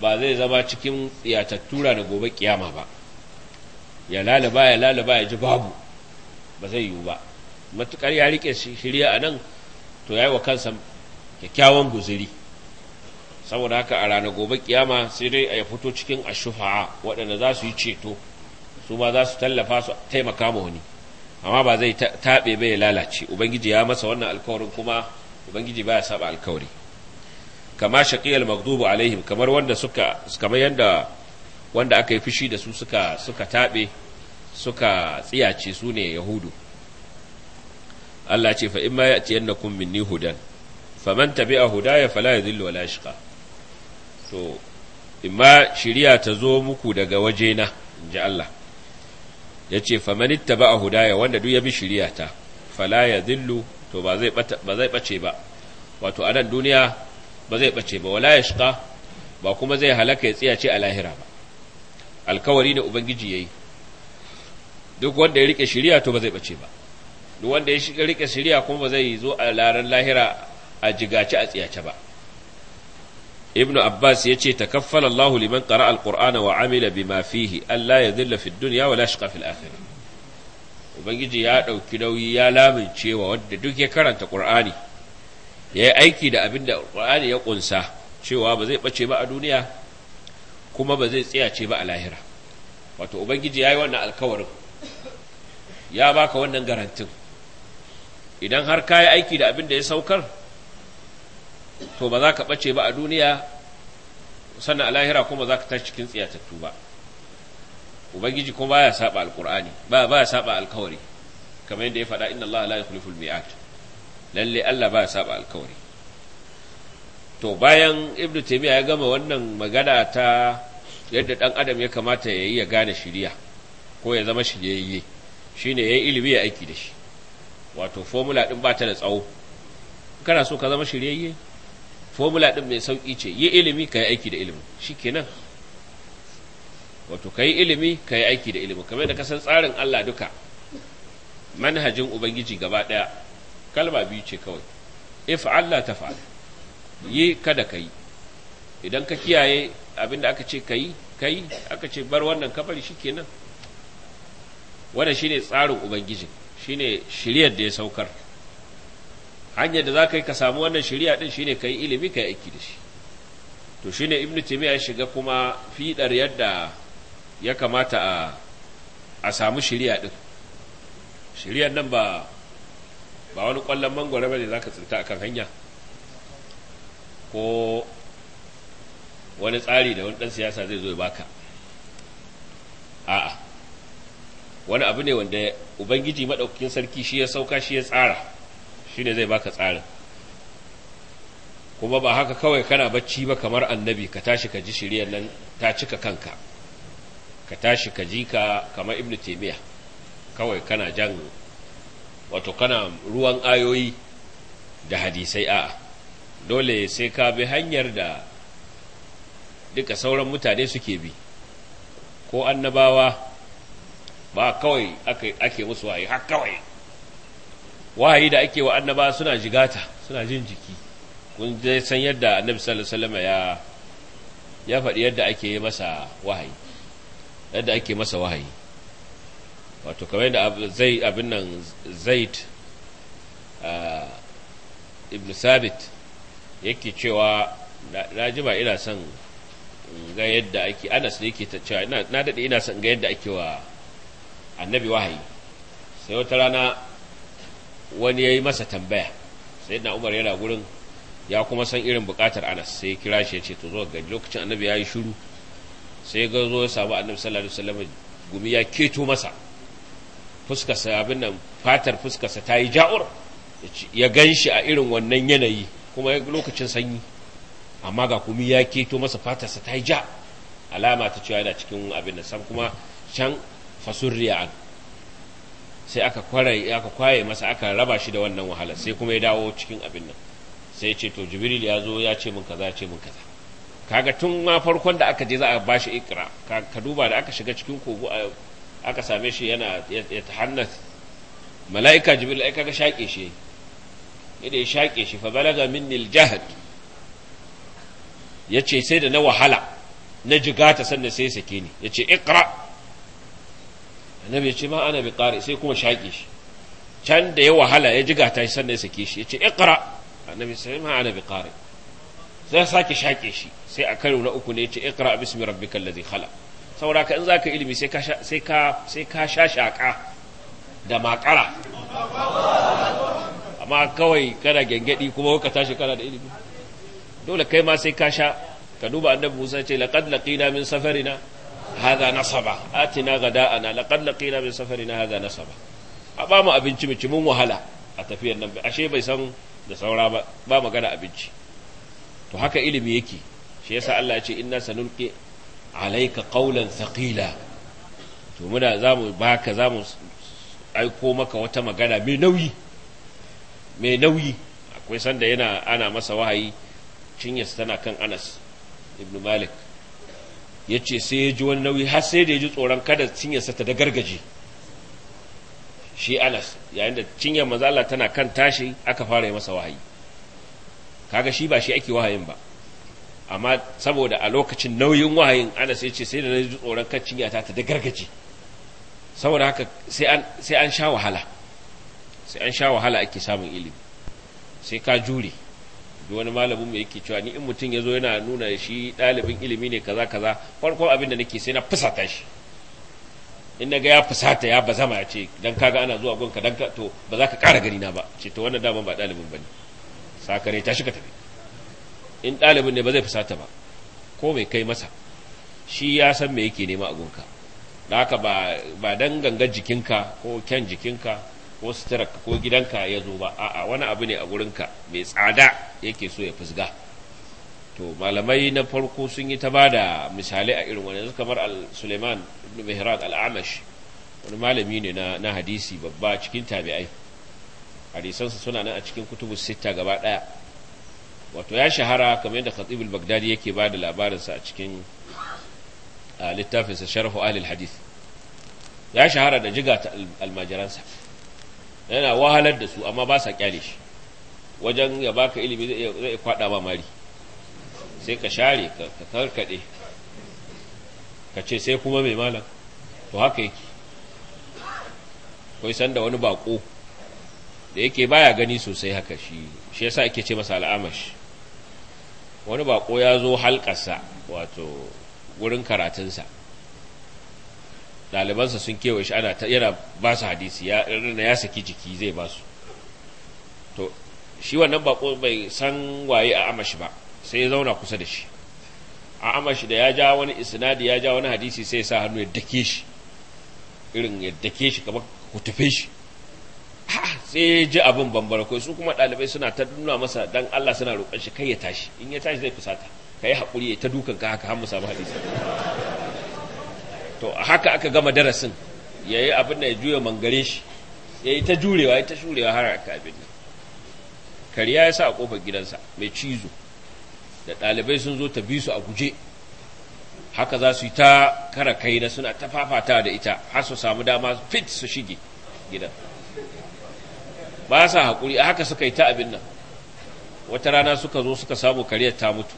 S2: ba zai zama cikin tsiyatattura da gobe kiyama ba ya lalaba ya lalaba ya ji babu ba zai yiwu ba matukar ya rike shirya a nan to ya yi wa kansa kyakkyawan guziri saboda haka a ranar gobe kiyama sai dai ya fito cikin ashufa waɗanda za su yi ceto su ma za su tallafa su taimaka ma wani amma ba zai taɓe bai lalace ubangiji ya masa wannan alkawarin kuma ubangiji baya saba alkawari kama shaqiyal magdubu alaihim kamar wanda suka kamar yanda wanda aka yi fushi da su suka suka taɓe suka tsiyace su ne yahudu Allah ce fa in ma ya'tiyannakum minni hudan faman tabi'a hudaya fala yadhillu wala yashqa to imma shiriya ta zo muku daga waje na inji Allah Ya ce famanitta ba a hudaya wanda duk ya bi shirya ta fala zillu to ba zai ɓace bace ba wato a nan duniya ba zai bace ba wala ya shiga ba kuma zai halaka ya tsiyace a lahira ba alkawari ne ubangiji ya yi duk wanda ya rike shirya to ba zai bace ba duk wanda ya rike shirya kuma ba zai zo a laran lahira a jigace a tsiyace ba Ibnu abbas ya ce takaffala allahu liman qara alqur'ana wa amila bima fihi Allah ya fid dunya wa la yashqa fil akhirah ubangiji ya ɗauki nauyi ya lamincewa wanda duk ya karanta qur'ani ya yi aiki da abin da qur'ani ya ƙunsa. cewa ba zai bace ba a duniya kuma ba zai tsiyace ba a lahira wato ubangiji ya yi wannan alkawarin ya baka wannan garantin idan har ka yi aiki da abin da ya saukar to ba za ka ɓace ba a duniya sannan a lahira kuma za ka tashi cikin tsiyatattu ba ubangiji kuma baya saba alkur'ani ba baya saba alkawari kamar yadda ya faɗa inna allaha la yukhliful mi'at lalle allah baya saba alkawari to bayan ibnu taymiya ya gama wannan magana ta yadda dan adam ya kamata yayi ya gane shiriya ko ya zama shiryayye shine yayi ilimi ya aiki da shi wato formula din ba ta da tsawo kana so ka zama shiryayye formula ɗin mai sauki ce yi ilimi ka yi aiki da ilimi nan wato ka yi ilimi ka yi aiki da ilimi kamar da kasan tsarin Allah duka manhajin ubangiji gaba daya kalma biyu ce kawai if Allah ta fa'al yi kada ka yi idan ka kiyaye abinda aka ce ka yi ka yi aka ce bar wannan ka bari shikenan wannan shine tsarin ubangiji shine shiryar da ya saukar hanyar da za ka yi ka samu wannan shari'a din shine ka yi ilimi ka yi aiki da shi to shine ibnu taymiya ya shiga kuma fiɗar yadda ya kamata a a samu shari'a din shari'ar nan ba ba wani kwallon mangwara bane za ka tsinta akan hanya ko wani tsari da wani dan siyasa zai zo ya baka a'a wani abu ne wanda ubangiji maɗaukakin sarki shi ya sauka shi ya tsara ne zai baka tsarin kuma ba haka kawai kana bacci ba kamar annabi ka tashi ka ji shiriyar nan ta cika kanka ka tashi ka ji ka kamar ibnu taymiya kawai kana jan wato kana ruwan ayoyi da hadisai a'a dole sai ka bi hanyar da duka sauran mutane suke bi ko annabawa ba kawai ake musu waye har kawai wahayi da ake wa annaba suna jigata suna jin jiki kun dai san yadda annabi sallallahu alaihi wasallam ya ya faɗi yadda ake masa wahayi yadda ake masa wahayi wato kamar yadda zai abin nan zaid ah, ibn sabit yake cewa na jima ina son ga yadda ake anas ne yake ta cewa na daɗe ina son ga yadda ake wa annabi wahayi sai wata rana wani ya yi masa tambaya sai na umar yana gurin ya kuma san irin bukatar anas sai kira shi ya ce to zo ga lokacin annabi ya yi shiru sai ga zo ya samu annabi sallallahu alaihi wasallam gumi ya keto masa fuskarsa abin nan fatar fuskarsa ta yi ja'ur ya gan shi a irin wannan yanayi kuma lokacin sanyi amma ga gumi ya keto masa fatarsa ta yi ja alama ta cewa yana cikin abin nan sam kuma can fasurriya an sai aka kwarai aka kwaye masa aka raba shi da wannan wahala sai kuma ya dawo cikin abin nan sai ya ce to jibril ya zo ya ce min kaza ya ce min kaza kaga tun ma farkon da aka je za a bashi ikra ka duba da aka shiga cikin kogo aka same shi yana ya tahannas mala'ika jibril ai kaga shake shi yadda ya shake shi fa balaga minni aljahd yace sai da na wahala na jigata sannan sai sake ni yace ikra annabi ya ce ma ana bi qari sai kuma shaƙe shi can da ya wahala ya jiga ta sannan ya sake shi ya ce iqra annabi sai ma ana bi qari sai sake shaƙe shi sai a karo na uku ne ya ce iqra bismi rabbikal ladhi khala. saboda ka in zaka ilimi sai ka sai ka sha shaka da makara amma kawai kana gengedi kuma ka tashi kana da ilimi dole kai ma sai ka sha ka duba annabi Musa ya ce laqad laqina min safarina hadha nasaba atina gada'ana laqad laqina min na hadha nasaba a ba mu abinci mu mun wahala a tafiyar nan ashe bai san da saura ba ba magana abinci to haka ilimi yake shi yasa Allah ya ce inna sanulqi alayka qawlan thaqila to muna zamu baka zamu aiko maka wata magana mai nauyi nauyi akwai sanda yana ana masa wahayi cinyarsa tana kan Anas ibnu Malik ya ce sai ya ji wani nauyi har sai da ya ji tsoron kada cinyarsa ta da gargaje shi anas yayin da cinyar mazala tana kan tashi aka fara yi masa wahayi kaga shi ba shi ake wahayin ba amma saboda a lokacin nauyin wahayin anas ya ce sai da na ji tsoron kan cinyata ta da gargaje saboda haka sai an sha wahala sai an sha wahala ake samun ilimi sai ka jure ji wani malamin mu yake cewa ni in mutum ya zo yana nuna shi ɗalibin ilimi ne kaza kaza farko abin da nake sai na fusata shi in na ga ya fusata ya ba zama ya ce dan kaga ana zuwa gonka dan to ba za ka ƙara gani na ba ce to wannan daman ba ɗalibin bane sakare ta shiga tafi in ɗalibin ne ba zai fusata ba ko mai kai masa shi ya san me yake nema a gonka da haka ba dan gangar jikinka ko kyan jikinka ko suturarka ko gidanka ya zo ba a'a wani abu ne a gurinka mai tsada yake so ya fusga to malamai na farko sun yi ta ba da misalai a irin wani yanzu kamar suleiman ibn mihrad al'amash wani malami ne na hadisi babba cikin tabi'ai hadisansa suna nan a cikin kutubu sita gaba daya wato ya shahara kamar yadda khatib al-baghdadi yake ba da labarinsa a cikin littafinsa sharhu ahli al-hadith ya shahara da jiga ta almajiransa yana wahalar da su amma ba sa kyale shi wajen ya baka ilimi zai kwada ba mari sai ka share ka karkade ka ce sai kuma mai malam to haka yake kai san da wani bako da yake baya gani sosai haka shi shi yasa yake ce masa al'amash wani bako ya zo halkarsa wato wurin karatunsa Dalibansa sun kewa shi ana yana ba su hadisi ya ya saki jiki zai ba su to shi wannan bako bai san waye a amashi ba sai ya zauna kusa da shi a amashi da ya ja wani isnadi ya ja wani hadisi sai ya sa hannu ya dake shi irin ya dake shi kamar kutufe shi sai ya ji abin bambara ko su kuma dalibai suna ta nuna masa dan Allah suna roƙon shi kai ya tashi in ya tashi zai fusata kai hakuri ya ta dukan ka haka har mu samu hadisi to a haka aka gama darasin ya yi abin da ya juya mangare shi ya yi ta jurewa ya ta shurewa har aka abin nan kariya ya sa a kofar gidansa mai cizo da ɗalibai sun zo ta bi su a guje haka za su yi ta kara kai na suna ta fafata da ita har su samu dama fit su shige gidan ba sa haƙuri haka suka yi ta abin nan wata rana suka zo suka samu kariyar ta mutu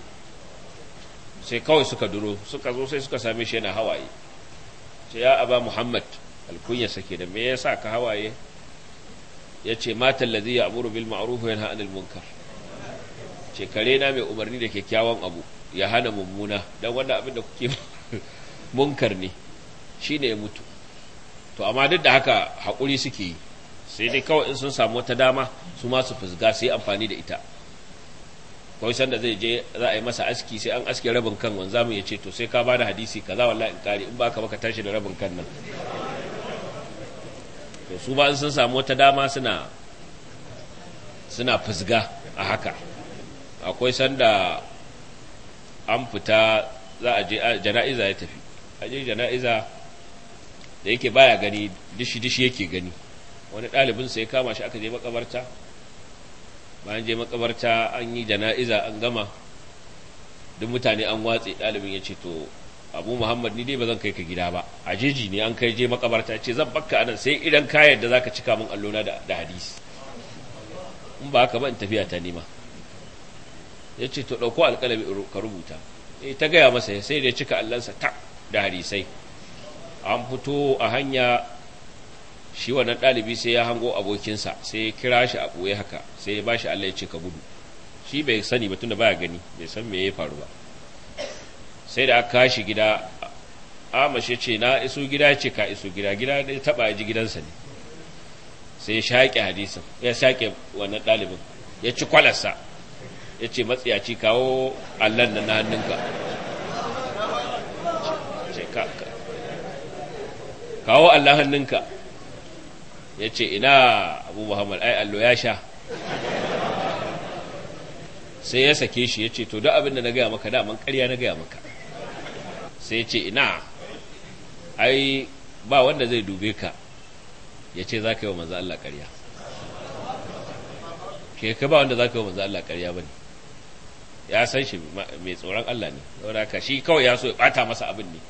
S2: sai kawai suka duro suka zo sai suka same shi yana hawaye ce ya aba muhammad sake da me yasa ka hawaye ya ce matan lazi ya amuru bil ma'ruf yana anil munkar ce kare na mai umarni da kyakkyawan abu ya hana mummuna don wanda abin da kuke munkar ne shine ne ya mutu to amma duk da haka hakuri suke yi sai dai kawai in sun samu wata dama su ma su fusga sai amfani da ita akwai sanda zai je za a yi masa aski sai an aske rabin kan wanzamu ya ce to sai ka ba da hadisi ka za wallahi in kare in baka baka tashi da rabin kan nan to su ba sun samu wata dama suna suna fusga a haka akwai sanda an fita za a je jana'iza ya tafi a je jana'iza da yake baya gani dishi dishi yake gani wani ɗalibin sai kama shi aka je makabarta bayan je makabarta an yi jana'iza an gama duk mutane an watse ɗalibin ya ce to abu muhammad ni dai ba zan kai ka gida ba a jeji ne an kai je makabarta ce zan bakka anan sai idan ka yadda zaka cika min allona da, da hadisi in ba haka ba in tafiya ta nema ya ce to ɗauko alƙalami ka rubuta e ta gaya masa sai da ya cika allansa ta da hadisai an fito a hanya shi wannan ɗalibi sai ya hango abokinsa sai ya kira shi a ɓoye haka sai ya ba shi Allah ya ce ka gudu shi bai sani ba tunda baya gani bai san me ya faru ba sai da aka kashi gida amashe ce na iso gida ce ka iso gida gida da taba ji gidansa ne sai ya shaƙe hadisin ya shaƙe wannan ɗalibin ya ci kwalarsa ya ce matsiyaci kawo allan nan na hannunka kawo allah hannunka ya ce ina abu muhammad ai allo ya sha sai ya sake shi ya ce to duk abin da na gaya maka daman karya na gaya maka sai ya ce ina ai ba wanda zai dube ka ya ce za ka yi wa manzo Allah karya ke ka ba wanda za ka yi wa manzo Allah karya ba ne ya san shi mai tsoron Allah ne saboda ka shi kawai ya so ya ɓata masa abin ne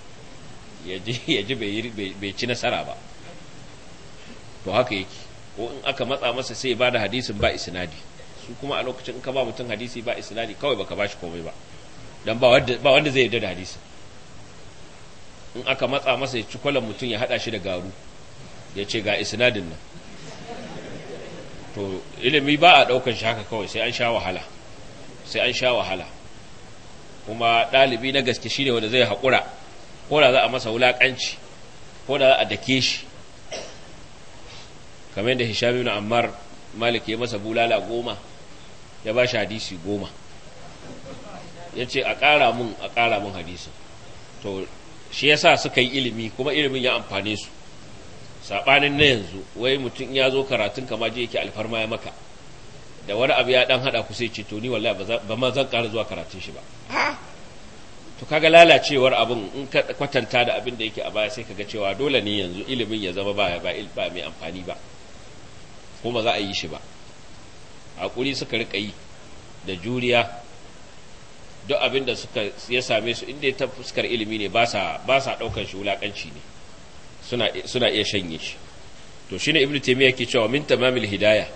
S2: ya ji bai ci nasara ba to haka yake ko in aka matsa masa sai ba da hadisin ba isnadi su kuma a lokacin in ka ba mutum hadisi ba isnadi kawai baka bashi komai ba dan ba wanda ba wanda zai yarda da hadisi in aka matsa masa ya ci kwalan mutum ya hada shi da garu ya ce ga isnadin nan to ilimi ba a daukan shi haka kawai sai an sha wahala sai an sha wahala kuma ɗalibi na gaske shine wanda zai haƙura ko da za a masa wulaƙanci ko da za a dake shi kamar da hisham ibn ammar malik ya masa bulala goma ya ba shi hadisi goma ya a ƙara mun a ƙara mun hadisi to shi yasa suka yi ilimi kuma ilimin ya amfane su saɓanin na yanzu wai mutum ya zo karatun kama je yake alfarma ya maka da wani abu ya dan hada ku sai ce to ni wallahi ba ma zan ƙara zuwa karatun shi ba to kaga lalacewar abun in ka kwatanta da abin da yake a baya sai kaga cewa dole ne yanzu ilimin ya zama ba ba mai amfani ba ko ba za a yi shi ba haƙuri suka riƙa yi da juriya duk abin da suka ya same su inda ta fuskar ilimi ne ba sa ɗaukar shi wulaƙanci ne suna iya shanye shi to shine ibnu taymiya ke cewa min tamamil hidaya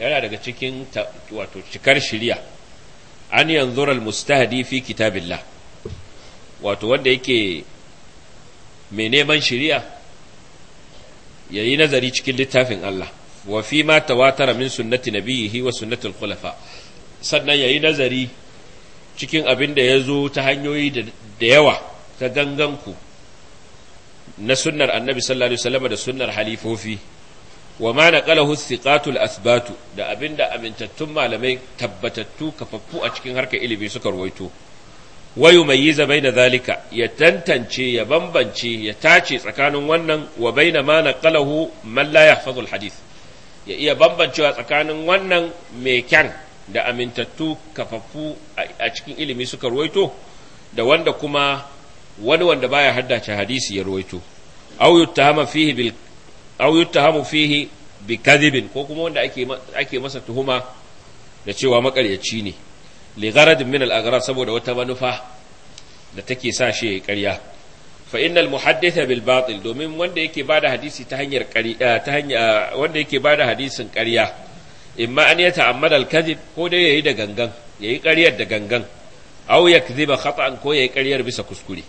S2: yana daga cikin wato cikar shiriya an yanzura al fi kitabillah wato wanda yake mai neman shiriya yayi nazari cikin littafin Allah wa fi ma tawatara min sunnati nabiyihi wa sunnatul khulafa sannan yi nazari cikin abin da ya zo ta hanyoyi da yawa ta ganganku na sunnar annabi sallallahu alaihi wasallam da sunnar halifofi wa ma naqalahu thiqatul athbatu da abinda amintattun malamai tabbatattu kafaffu a cikin harkar ilimi suka ruwaito wa yumayyiza baina zalika ya tantance ya bambance ya tace tsakanin wannan wa baina ma naqalahu man la yahfazu hadith ya iya bambancewa tsakanin wannan mai kyan da amintattu kafaffu a cikin ilimi suka ruwaito da wanda kuma wani wanda baya haddace hadisi ya ruwaito au yuttahama fihi bi kadhibin ko kuma wanda ake masa tuhuma da cewa makaryaci ne li gharadin min al saboda wata manufa da take sa shi ya yi karya. fa innal muhadditha bil batil domin wanda yake bada hadisi ta hanyar ƙarya eh, ta hanya wanda yake bada hadisin ƙarya imma an ya ta'ammad al kadhib ko dai yayi da gangan yayi ƙaryar da gangan aw yakdhiba khata'an ko yayi ƙaryar bisa kuskure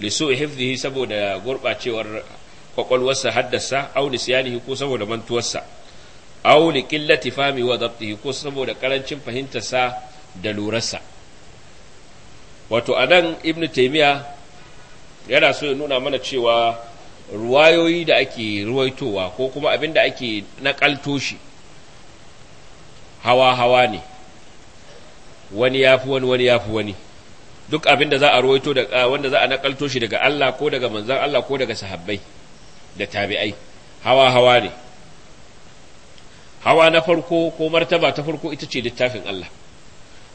S2: li su'i hifdhihi saboda gurbacewar kwakwalwarsa haddasa aw nisyanihi ko saboda mantuwarsa aw li qillati fahmi wa ko saboda karancin fahimtarsa da lurarsa wato anan ibnu taymiya yana so ya nuna mana cewa ruwayoyi da ake ruwaitowa ko kuma abin da ake nakalto shi hawa-hawa ne wani ya fi wani wani ya fi wani duk abin da za a ruwaito wanda za a nakalto shi daga Allah ko daga manzan Allah ko daga sahabbai da tabi'ai hawa-hawa ne hawa na farko ko martaba ta farko ita ce littafin Allah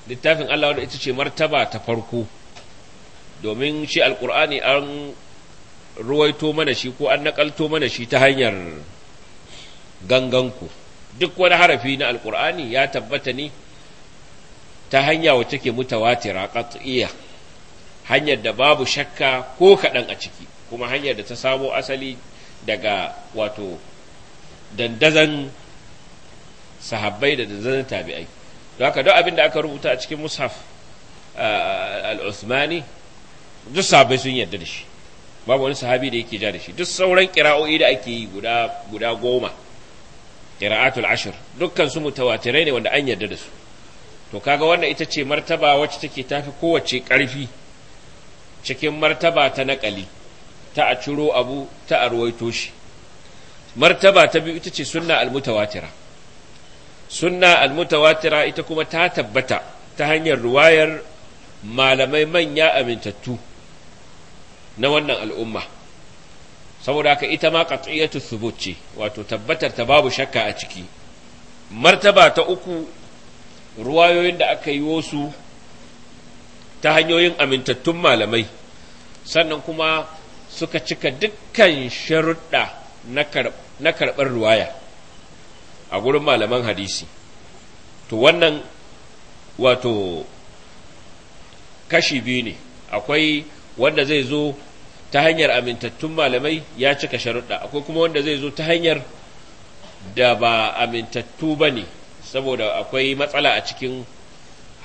S2: littafin Allah wanda ita ce martaba ta farko domin shi alkur'ani an ruwaito mana shi ko an nakalto mana shi ta hanyar ganganku duk wani harafi na alkur'ani ya tabbata ne ta hanya wacce ke mutawatira qat'iyya hanyar da babu shakka ko kaɗan a ciki kuma hanyar da ta samo asali daga wato dandazan sahabbai da dandazan tabi'ai don haka duk abin da aka rubuta a cikin mushaf al-usmani duk sahabbai sun yarda da shi babu wani sahabi da yake ja da shi duk sauran kira'o'i da ake yi guda guda goma kira'atul ashir dukkan su mutawatirai ne wanda an yarda da su to kaga wannan ita ce martaba wacce take tafi kowace karfi cikin martaba ta naƙali ta a ciro abu ta a ruwaito shi martaba ta biyu ita ce sunna almutawatira sunna almutawatira ita kuma ta tabbata ta hanyar ruwayar malamai manya amintattu na wannan al'umma saboda ka ita ma qat'iyatu thubut ce wato tabbatar ta babu shakka a ciki martaba ta uku ruwayoyin da aka yi wasu ta hanyoyin amintattun malamai sannan kuma suka cika dukkan sharuɗa na karɓar ruwaya a gurin malaman hadisi to wannan wato kashi biyu ne akwai wanda zai zo ta hanyar amintattun malamai ya cika sharuɗa akwai kuma wanda zai zo ta hanyar da ba amintattu ba ne saboda akwai matsala a cikin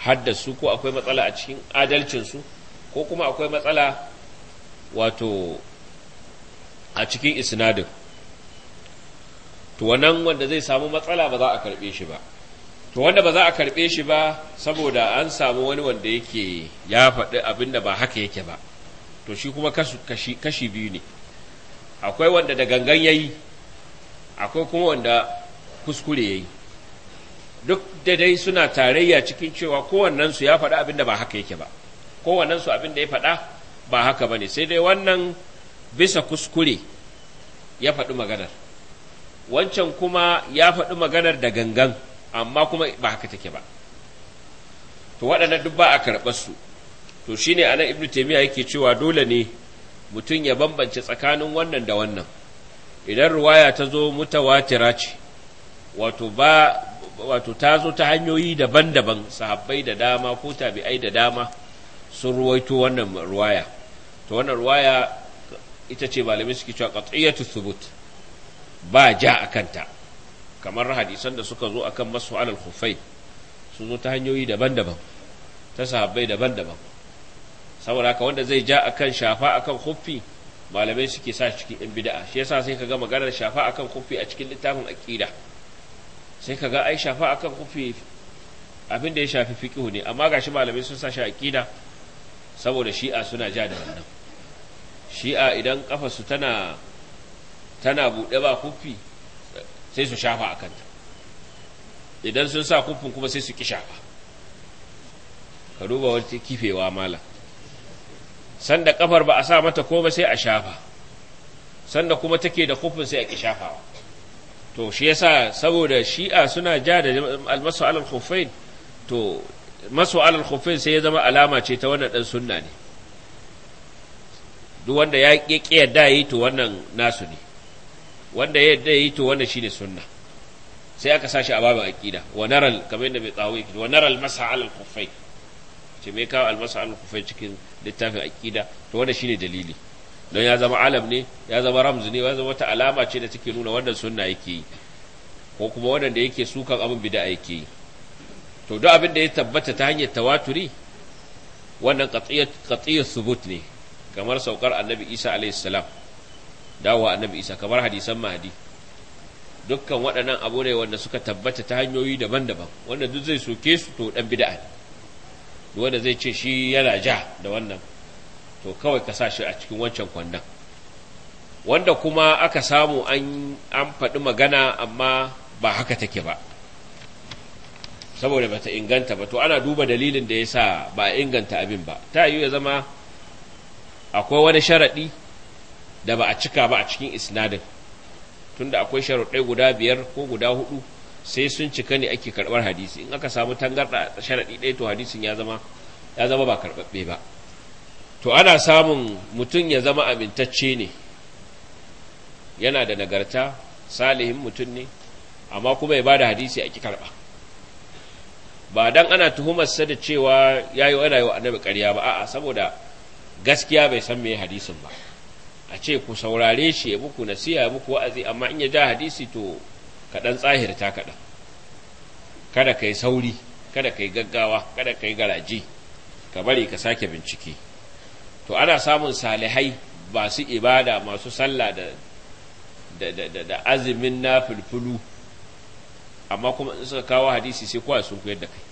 S2: haddasu ko akwai matsala a cikin adalcinsu ko kuma akwai matsala wato a cikin isnadin to wannan wanda zai samu matsala ba za a karɓe shi ba to wanda ba za a karɓe shi ba saboda an samu wani wanda yake ya faɗi abin da ba haka yake ba to shi kuma kashi biyu ne akwai wanda da gangan ya yi akwai kuma wanda kuskure ya yi duk da dai suna tarayya cikin cewa kowannensu ya faɗa abin da ba haka yake ba kowannensu abin da ya faɗa ba haka ba ne sai dai wannan bisa kuskure ya faɗi maganar wancan kuma ya faɗi maganar da gangan amma kuma ba haka take ba to waɗannan duk ba a karɓar su to shine anan ibnu taymiya yake cewa dole ne mutum ya bambance tsakanin wannan da wannan idan ruwaya ta zo mutawatira ce wato ba wato ta zo ta hanyoyi daban-daban sahabbai da dama ko tabi'ai da dama sun ruwaito wannan ruwaya to wannan ruwaya ita ce malamai suke cewa qat'iyatu thubut ba ja akanta kamar hadisan da suka zo akan masu alal sun zo ta hanyoyi daban-daban ta sahabbai daban-daban saboda haka wanda zai ja akan shafa akan khuffi malamai suke sa shi cikin yan bid'a shi yasa sai kaga maganar shafa akan khuffi a cikin littafin aqida sai kaga ai shafa akan khuffi abin da ya shafi fiqh ne amma gashi malamai sun sa shi aqida saboda shi'a suna ja da wannan shi'a idan kafa su tana tana buɗe ba khuffi sai su shafa akan ta idan sun sa kuffin kuma sai su ki shafa ka duba wata kifewa malam sanda kafar ba a sa mata ko ba sai a shafa sanda kuma take da kufin sai a ki shafawa to shi yasa saboda shi'a suna ja da almasu alal khuffain to masu alal khuffain sai ya zama alama ce ta wannan dan sunna ne duk wanda ya ki yadda yi to wannan nasu ne wanda ya yadda yi to wannan shine sunna sai aka sa shi a babin aqida wa naral kamar yadda bai tsawo yake wa naral masa alal khuffain ce me kawo almasa an kufai cikin littafin aƙida to wanda shine dalili don ya zama alam ne ya zama ramzu ne ya zama wata alama ce da take nuna wannan sunna yake yi ko kuma wanda yake sukan abin bid'a yake yi to duk abin da ya tabbata ta hanyar tawaturi wannan qat'iyat thubut ne kamar saukar annabi Isa alayhi salam dawo annabi Isa kamar hadisan mahdi dukkan waɗannan abu ne wanda suka tabbata ta hanyoyi daban-daban wanda duk zai soke su to dan bid'a ne wanda zai ce shi yana ja da wannan to kawai ka sa shi a cikin wancan kwandon wanda kuma aka samu an an faɗi magana amma ba haka take ba saboda bata inganta ba to ana duba dalilin da ya sa ba a inganta abin ba ta yi ya zama akwai wani sharaɗi da ba a cika ba a cikin isnadin tunda akwai sharaɗai guda biyar ko guda hudu sai sun cika ne ake karbar hadisi in aka samu tangarɗa sharaɗi ɗaya to hadisin ya zama ya zama ba karbabbe ba to ana samun mutum ya zama amintacce ne yana da nagarta salihin mutum ne amma kuma ya bada hadisi a ki karɓa ba dan ana tuhumar sa da cewa ya yi wani wa annabi ƙarya ba a'a saboda gaskiya bai san me hadisin ba a ce ku saurare shi ya muku nasiha ya muku wa'azi amma in ya ja hadisi to Kaɗan tsahirta kaɗan kada ka yi sauri kada ka yi gaggawa kada ka yi garaje ka bari ka sake bincike to ana samun salihai su ibada masu sallah da da azumin na fulfulu amma kuma in suka kawo hadisi sai kowa sun koyar da kai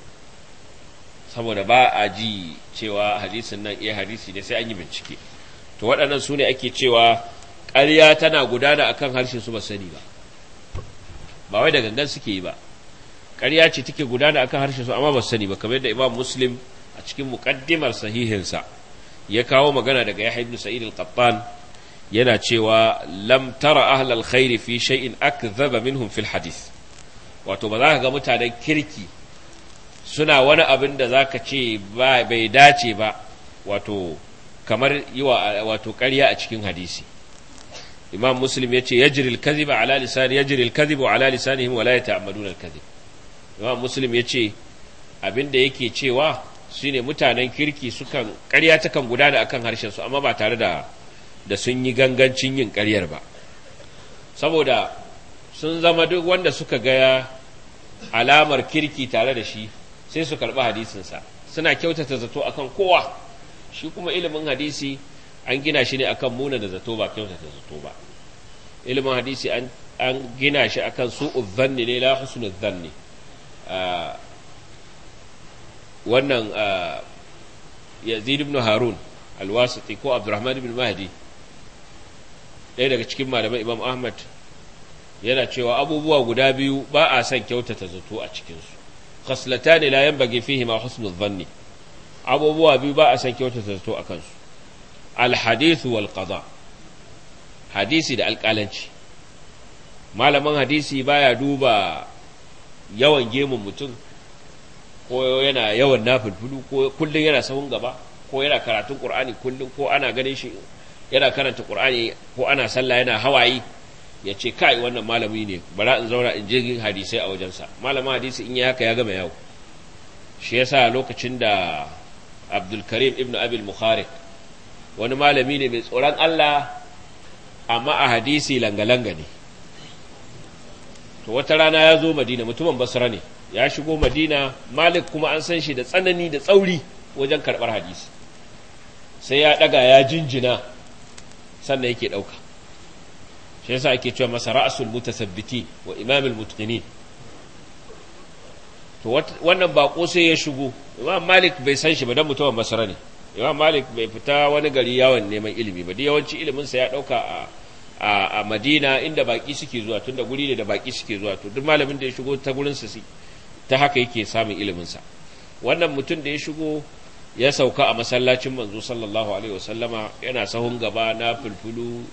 S2: saboda ba a ji cewa hadisin nan iya eh, hadisi ne sai an yi bincike to waɗannan su ne ake cewa ƙarya tana gudana akan harshen su ba sani ba ba wai da gangan suke yi ba ƙarya ce take gudana akan harshen su amma ba sani ba kamar yadda imam muslim a cikin muqaddimar sahihinsa ya kawo magana daga yahya ibn sa'id al-qattan yana cewa lam tara ahlal khairi fi shay'in akdhaba minhum fil hadith wato ba za ka ga mutanen kirki suna wani abin da zaka ce bai dace ba wato kamar yi wato ƙarya a cikin hadisi imam muslim yace yajri al-kadhib ala lisani yajri al-kadhib ala lisanihim wa la yata'ammaduna al-kadhib imam muslim yace abinda yake cewa shine mutanen kirki sukan ƙarya takan gudana akan harshen su amma ba tare da da sun yi gangancin yin karyar ba saboda sun zama duk wanda suka gaya alamar kirki tare da shi sai su karɓi hadisinsa suna kyautata zato akan kowa shi kuma ilimin hadisi an gina shi ne akan muna da zato ba kyautata zato ba ilimin hadisi an gina shi akan su uzanni ne la husnu zanni ah, wannan ah, yazid ibn harun alwasiti ko abdurrahman ibn mahdi ɗaya daga cikin malaman imam ahmad yana cewa abubuwa guda biyu ba a son kyautata zato a cikinsu ne la yanbaghi fihi ma husnu zanni abubuwa biyu ba a son kyautata zato a kansu alhadithu wal qada hadisi da alƙalanci malamin hadisi baya duba yawan gemun mutum ko yana yawan fudu ko kullum yana sahun gaba ko yana karatun qur'ani kullum ko ana ganin shi yana karanta qur'ani ko ana sallah yana hawayi ya ce kai wannan malami ne bara in zauna in jirgin hadisai a wajensa malamin hadisi in yi haka ya gama yau shi yasa lokacin da abdulkarim ibn abil mukharik wani malami ne mai tsoron Allah amma a hadisi langa-langa ne to wata rana ya zo madina mutumin basra ne ya shigo madina malik kuma an san shi da tsanani da tsauri wajen karɓar hadisi sai ya ɗaga ya jinjina sannan yake ɗauka shi yasa ake cewa masa ra'asul mutasabbiti wa imamul mutqinin to wannan bako sai ya shigo imam malik bai san shi ba dan mutumin basra ne imam malik bai fita wani gari yawon neman ilimi ba yawanci iliminsa ya ɗauka a madina inda baƙi suke zuwa tun da guri ne da baƙi suke zuwa to duk malamin da ya shigo ta gurinsa ta haka yake samun iliminsa wannan mutum da ya shigo ya sauka a masallacin manzo sallallahu alaihi wasallama yana sahun gaba na fulfulu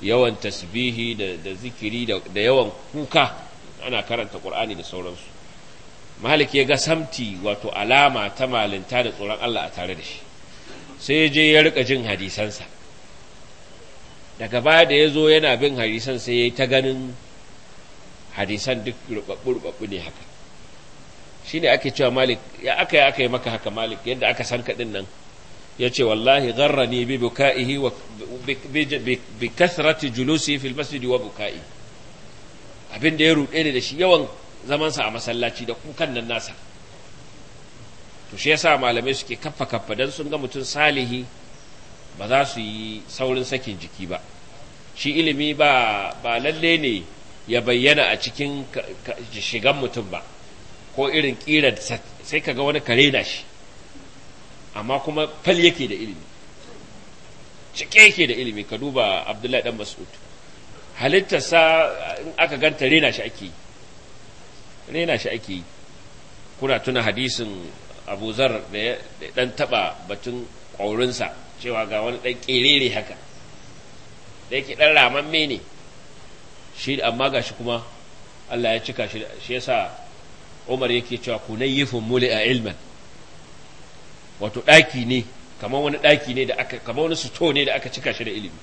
S2: yawan tasbihi da, zikiri da, da yawan kuka ana karanta qur'ani da sauransu malik ya ga samti wato alama ta malinta da tsoron Allah a tare da shi sai ya je ya rika jin hadisansa daga baya da ya zo yana bin hadisan sai ya yi ta ganin hadisan duk rubabbu ne haka shi ne ake cewa malik ya aka yi aka yi maka haka malik yadda aka san kaɗin nan ya ce wallahi garra ne bi buka'ihi wa bi kasrati julusi fil masjidi wa buka'i abinda ya ruɗe ne da shi yawan zamansa a masallaci da kukan nan nasa to shi yasa malamai suke kaffa kaffa dan sun ga mutum salihi ba za su yi saurin sakin jiki ba shi ilimi ba ba lalle ne ya bayyana a cikin shigan mutum ba ko irin kiran sai ka ga wani kare na shi amma kuma fal yake da ilimi cike yake da ilimi ka duba abdullahi dan mas'ud halittarsa in aka ganta rena shi ake rena shi ake kuna tuna hadisin abu zar da ya dan taba batun ƙaurinsa cewa ga wani ɗan ƙerere haka da yake ɗan ramamme ne shi amma ga shi kuma Allah ya cika shi shi yasa Umar yake cewa muli a ilman wato ɗaki ne kamar wani ɗaki ne da aka kamar wani suto ne da aka cika shi da ilimi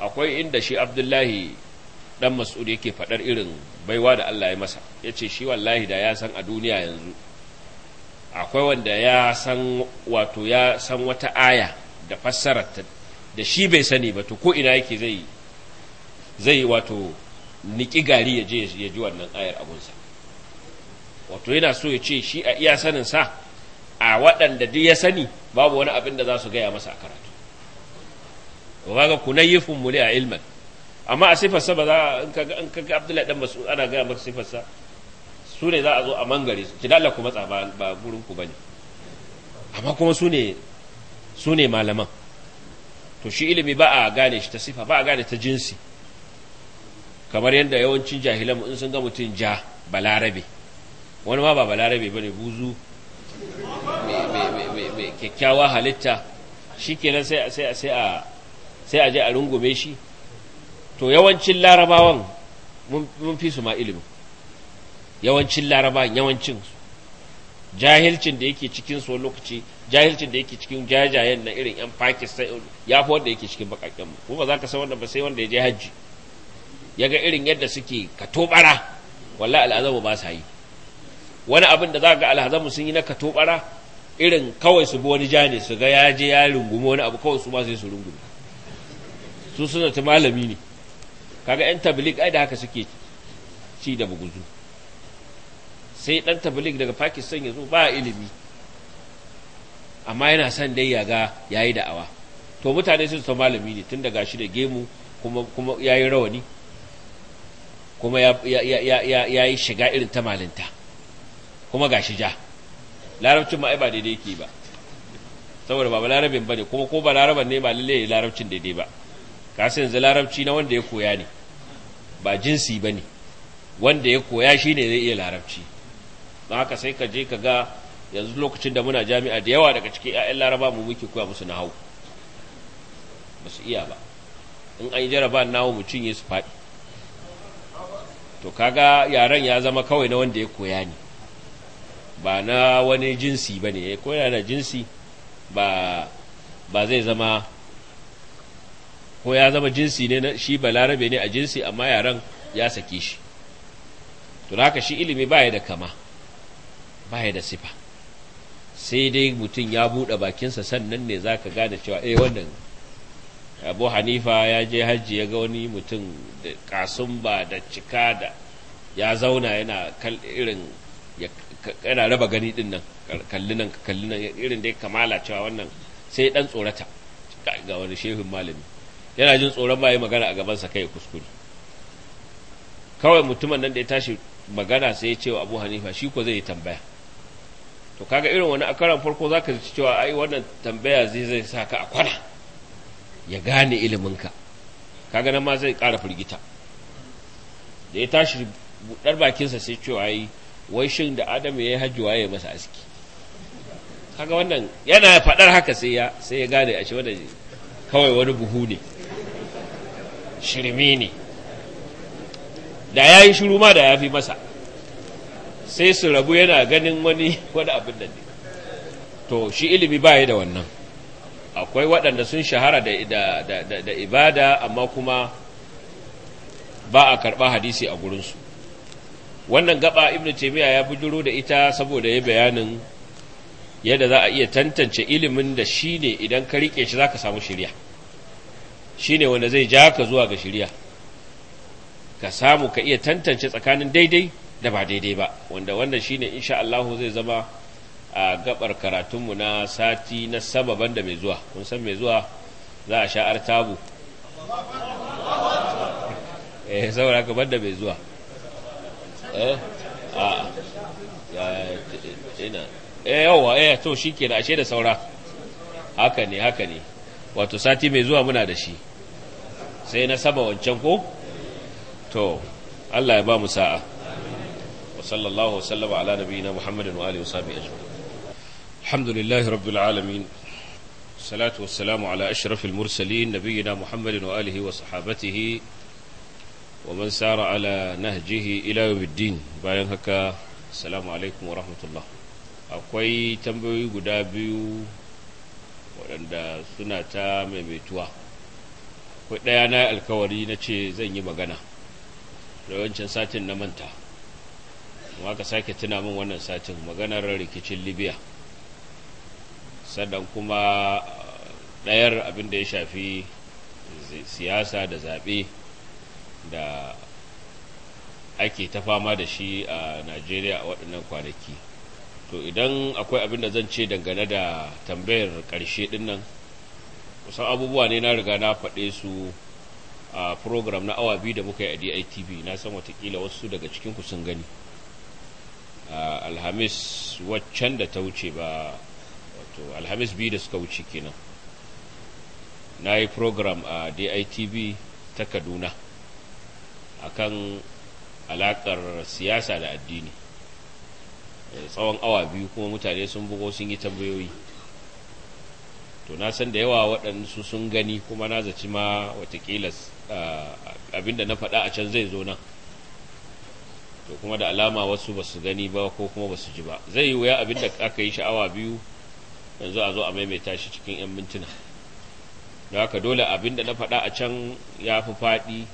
S2: akwai inda shi Abdullahi dan Mas'ud yake faɗar irin baiwa da Allah ya masa ya ce shi wallahi da ya san a duniya yanzu akwai wanda ya san wato ya san wata aya da fassararta da shi bai sani ba to ko ina yake zai zai wato niki gari ya je ya ji wannan ayar abunsa wato yana so ya ce shi a iya sanin sa a waɗanda duk ya sani babu wani abin da za su gaya masa a karatu ba ga yi muli a ilman amma a sifarsa ba za in ka Abdullahi dan masu ana gaya masa sifarsa su ne za a zo a mangare su ci Allah ku matsa ba burin ku bane amma kuma su ne su ne malaman to shi ilimi ba a gane shi ta sifa ba a gane ta jinsi kamar yadda yawancin jahilan in sun ga mutum ja balarabe wani ma ba balarabe bane buzu mai kyakkyawa halitta shi kenan sai a je a rungume shi to yawancin larabawan mun fi su ma ilimin yawancin laraba yawancin jahilcin da yake cikin so lokaci jahilcin da yake cikin jajayen na irin yan pakistan ya fi wanda yake cikin bakakken mu kuma za ka san wanda ba sai wanda ya je hajji ya ga irin yadda suke katobara walla al'azamu ba sa yi wani abin da za ga al'azamu sun yi na katobara irin kawai su bi wani ja ne su ga ya je ya rungumi wani abu kawai su ma sai su rungumi su suna ta malami ne kaga yan tabilik ai da haka suke ci da buguzu sai dan tabligh daga Pakistan ya zo ba ilimi amma yana son dai ya ga yayi da'awa to mutane sun san malami ne tun daga shi da gemu kuma kuma yayi rawani kuma ya ya ya ya yi shiga irin ta malinta kuma gashi ja larabcin ma ai ba daidai yake ba saboda ba larabin bane kuma ko ba laraban ne ba lalle ya larabcin daidai ba ka san yanzu larabci na wanda ya koya ne ba jinsi bane wanda ya koya shine zai iya larabci don haka sai ka je ka ga yanzu lokacin da muna jami'a da yawa daga cikin 'ya'yan laraba mu muke koya musu hau ba su iya ba in an yi jaraba nawo mu cinye su faɗi to kaga yaren ya zama kawai na wanda ya koya ne ba na wani jinsi ba ne ya koya na jinsi ba ba zai zama ko ya zama jinsi ne shi balarabe ne a jinsi amma yaren ya sake shi to haka shi ilimi baya da kama baya da sifa sai dai mutum ya buɗe bakinsa sannan ne za ka gane cewa eh wannan abu hanifa ya je hajji ya ga wani mutum da kasum ba da cika da ya zauna yana kal irin yana raba gani din nan kalli nan kalli nan irin dai kamala cewa wannan sai dan tsorata ga wani shehun malami yana jin tsoron ba yi magana a gabansa kai kuskure kawai mutumin nan da ya tashi magana sai ya ce wa abu hanifa shi ko zai yi tambaya to kaga irin wani a karan farko zaka ji cewa ai wannan tambaya zai zai sa ka a kwana ya gane Ka kaga nan ma zai ƙara firgita da ya tashi buɗar bakinsa sai cewa yi wai shin da adam ya yi hajji masa aski kaga wannan yana faɗar haka sai ya sai ya gane a ce wannan kawai wani buhu ne shirmi ne da ya yi shiru ma da ya fi masa sai su rabu yana ganin wani wani abin da ne to shi ilimi ba da wannan akwai waɗanda sun shahara da ibada amma kuma ba a karɓa hadisi a gurinsu wannan gaba ibn taimiyya ya bujuro da ita saboda ya bayanin yadda za a iya tantance ilimin da shi ne idan ka riƙe shi za ka samu shiriya ne wanda zai ja ka zuwa ga shirya ka samu ka iya tantance tsakanin daidai da ba daidai ba wanda wannan shine insha Allah zai zama a gabar karatunmu na sati na sababan da mai zuwa kun san mai zuwa za a sha'ar tabu eh saboda ka banda mai zuwa eh a ina eh yawa eh to shikenan ashe da saura haka ne haka ne wato sati mai zuwa muna da shi sai na saba wancan ko to Allah ya ba mu sa'a وصلى الله وسلم على نبينا محمد وآله وصحبه أجمعين الحمد لله رب العالمين الصلاة والسلام على أشرف المرسلين نبينا محمد وآله وصحابته ومن سار على نهجه إلى يوم الدين باين هكا السلام عليكم ورحمة الله akwai tambayoyi guda biyu waɗanda suna ta maimaituwa akwai ɗaya na alkawari na ce zan yi magana da wancan satin na manta kuma ka sake tuna min wannan satin maganar rikicin libya sannan kuma ɗayar abin da ya shafi siyasa da zaɓe da ake ta fama da shi a najeriya a waɗannan kwanaki to idan akwai abin da zan ce dangane da tambayar ƙarshe ɗinnan kusan abubuwa ne na riga na faɗe su a program na awa biyu da muka yi a DITV na san watakila wasu daga cikinku sun gani alhamis waccan da ta wuce ba wato alhamis biyu da suka wuce kenan na yi program a ditv ta kaduna akan alakar siyasa da addini eh, tsawon awa biyu kuma mutane sun bugo sun yi tambayoyi to na san da yawa waɗansu sun gani kuma na zaci ma watakila abinda ah, na faɗa a can zai zo nan to kuma da alama wasu ba su gani ba ko kuma ba su ji ba zai yi wuya abinda aka yi sha'awa biyu yanzu a zo a maimaita shi cikin 'yan mintuna da haka dole abinda na faɗa a can ya fi faɗi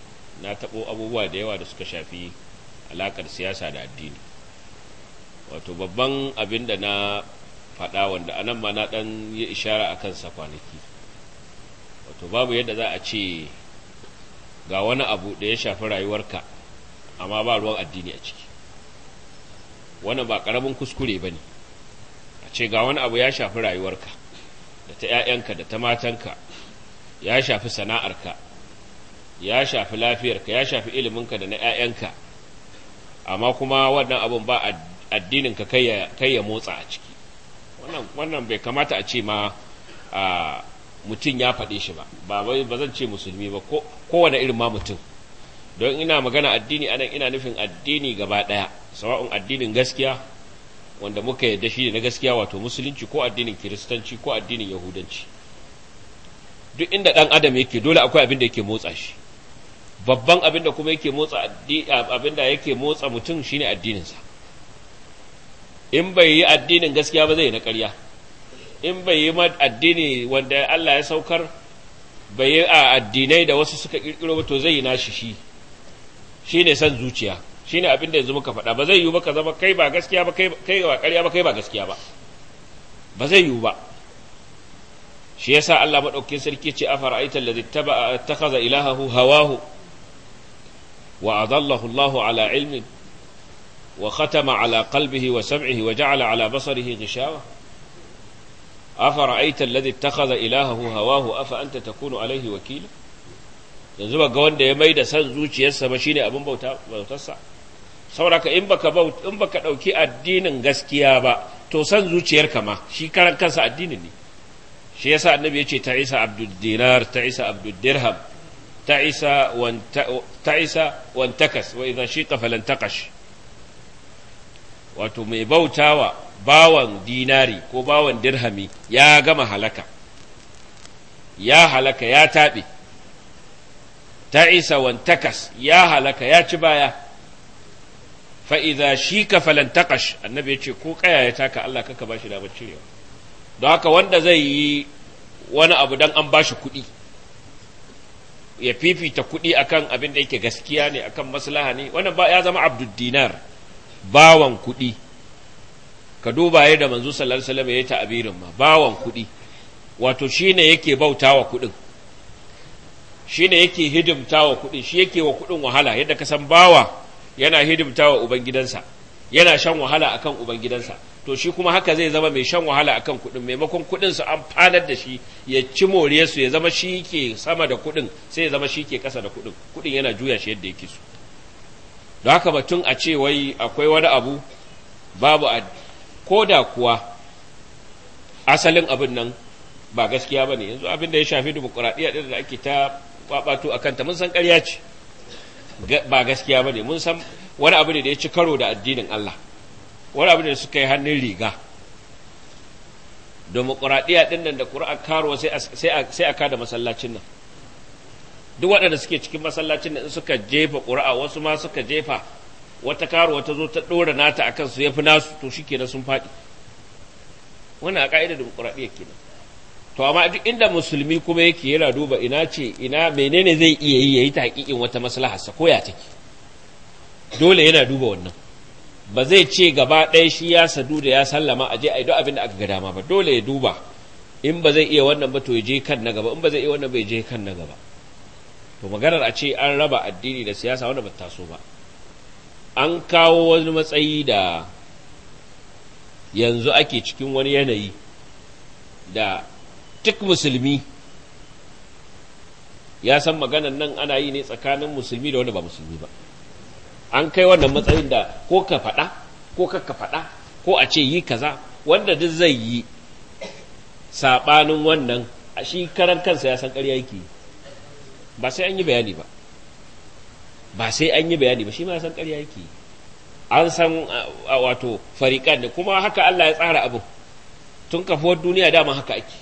S2: na taɓo abubuwa da yawa da suka shafi alaƙar siyasa da addini wato babban abin da na faɗa wanda anan ma na ɗan yi ishara a kansa kwanaki wato babu yadda za a ce ga wani abu da ya shafi rayuwarka amma ba ruwan addini a ciki wannan ba karamin kuskure ba ne a ce ga wani abu ya shafi rayuwarka da ta 'ya'yanka da ta matanka ya shafi sana'arka ya shafi lafiyarka ya shafi iliminka da na 'ya'yanka amma kuma wannan abun ba addininka kai ya motsa a ciki wannan bai kamata a ce ma mutum ya faɗe shi ba ba zan ce musulmi ba kowane irin ma mutum don ina magana addini anan ina nufin addini gaba daya sawa'un addinin gaskiya wanda muka yarda shi na gaskiya wato musulunci ko addinin kiristanci ko addinin yahudanci duk inda ɗan adam yake dole akwai abin da yake motsa shi babban abin da kuma yake motsa abin da yake motsa mutum shine addininsa in bai yi addinin gaskiya ba zai yi na ƙarya in bai yi addini wanda Allah ya saukar bai yi a addinai da wasu suka ƙirƙiro ba to zai yi nashi shi ne san zuciya shine abin da yanzu muka faɗa ba zai yiwu ba ka zama kai ba gaskiya ba kai ba ƙarya ba kai ba gaskiya ba ba zai yiwu ba shi yasa Allah sarki ce afara'aita allazi ittakhadha ilahahu hawahu wa adallahu Allahu ala ilmin wa khatama ala qalbihi wa sam'ihi wa ja'ala ala basarihi ghishawa afara'aita ittakhadha ilahahu hawahu afa anta takunu alayhi wakila yanzu ba ga wanda ya mai da san zuciyarsa ba shine abin bautarsa sauraka in baka in baka dauki addinin gaskiya ba to san zuciyarka ma shi karan kansa addinin ne shi yasa annabi ya ce ta isa abdul dinar ta isa abdul dirham ta isa ta isa wantakas wa idza shi falan taqash wato mai bautawa bawan dinari ko bawan dirhami ya gama halaka ya halaka ya taɓe ta isa wantakas ya halaka ya ci baya fa'iza shi ka falantakash annabi ya ce ko kaya ya taka Allah kaka ba shi damar cirewa don haka wanda zai yi wani abu dan an ba shi kuɗi ya fifita kuɗi akan abin da yake gaskiya ne akan maslaha ne wannan ya zama abdul dinar bawan kuɗi ka duba yadda manzo sallallahu alaihi wasallam ya yi ta'abirin ma bawan kuɗi wato shine yake bautawa kuɗin shine yake hidimta wa kuɗin shi yake wa kuɗin wahala yadda ka san bawa yana hidimta wa ubangidansa yana shan wahala akan ubangidansa to shi kuma haka zai zama mai shan wahala akan kuɗin maimakon kuɗin su fanar da shi ya ci more su ya zama shi ke sama da kuɗin sai ya zama shi ke kasa da kuɗin kuɗin yana juya shi yadda yake so don haka batun a ce wai akwai wani abu babu a ko da kuwa asalin abin nan ba gaskiya ba ne yanzu abin da ya shafi dimokuraɗiyya ɗin da ake ta kwabato a kanta mun san ƙarya ce ba gaskiya ba ne mun san wani abu ne da ya ci karo da addinin Allah wani abu ne suka yi hannun riga demokuraɗiyya ɗin nan da ƙura'a karuwa sai a kada masallacin nan duk waɗanda suke cikin masallacin nan suka jefa ƙura'a wasu ma suka jefa wata karuwa ta zo ta ɗora nata a kansu ya fi nasu to shi kenan sun faɗi wani a ƙa'idar demokuraɗiyya kenan to amma duk inda musulmi kuma yake yana duba ina ce ina menene zai iya yi yayi taqiqin wata maslaha sa koya take dole yana duba wannan ba zai ce gaba ɗaya shi ya sadu da ya sallama a je a yi duk abin da aka ga dama ba dole ya duba in ba zai iya wannan ba to ya je kan na gaba in ba zai iya wannan ba ya je kan na gaba to maganar a ce an raba addini da siyasa wanda ba taso ba an kawo wani matsayi da yanzu ake cikin wani yanayi da duk musulmi ya san maganan nan ana yi ne tsakanin musulmi da wanda ba musulmi ba an kai wannan matsayin da ko ka faɗa ko ka ka faɗa ko a ce yi kaza wanda duk zai yi saɓanin wannan a shi karan kansa ya san ƙarya yake ba sai an yi bayani ba ba sai an yi bayani ba shi ma ya san ƙarya yake an san wato fariƙan ne kuma haka Allah ya tsara abu tun kafuwar duniya dama haka ake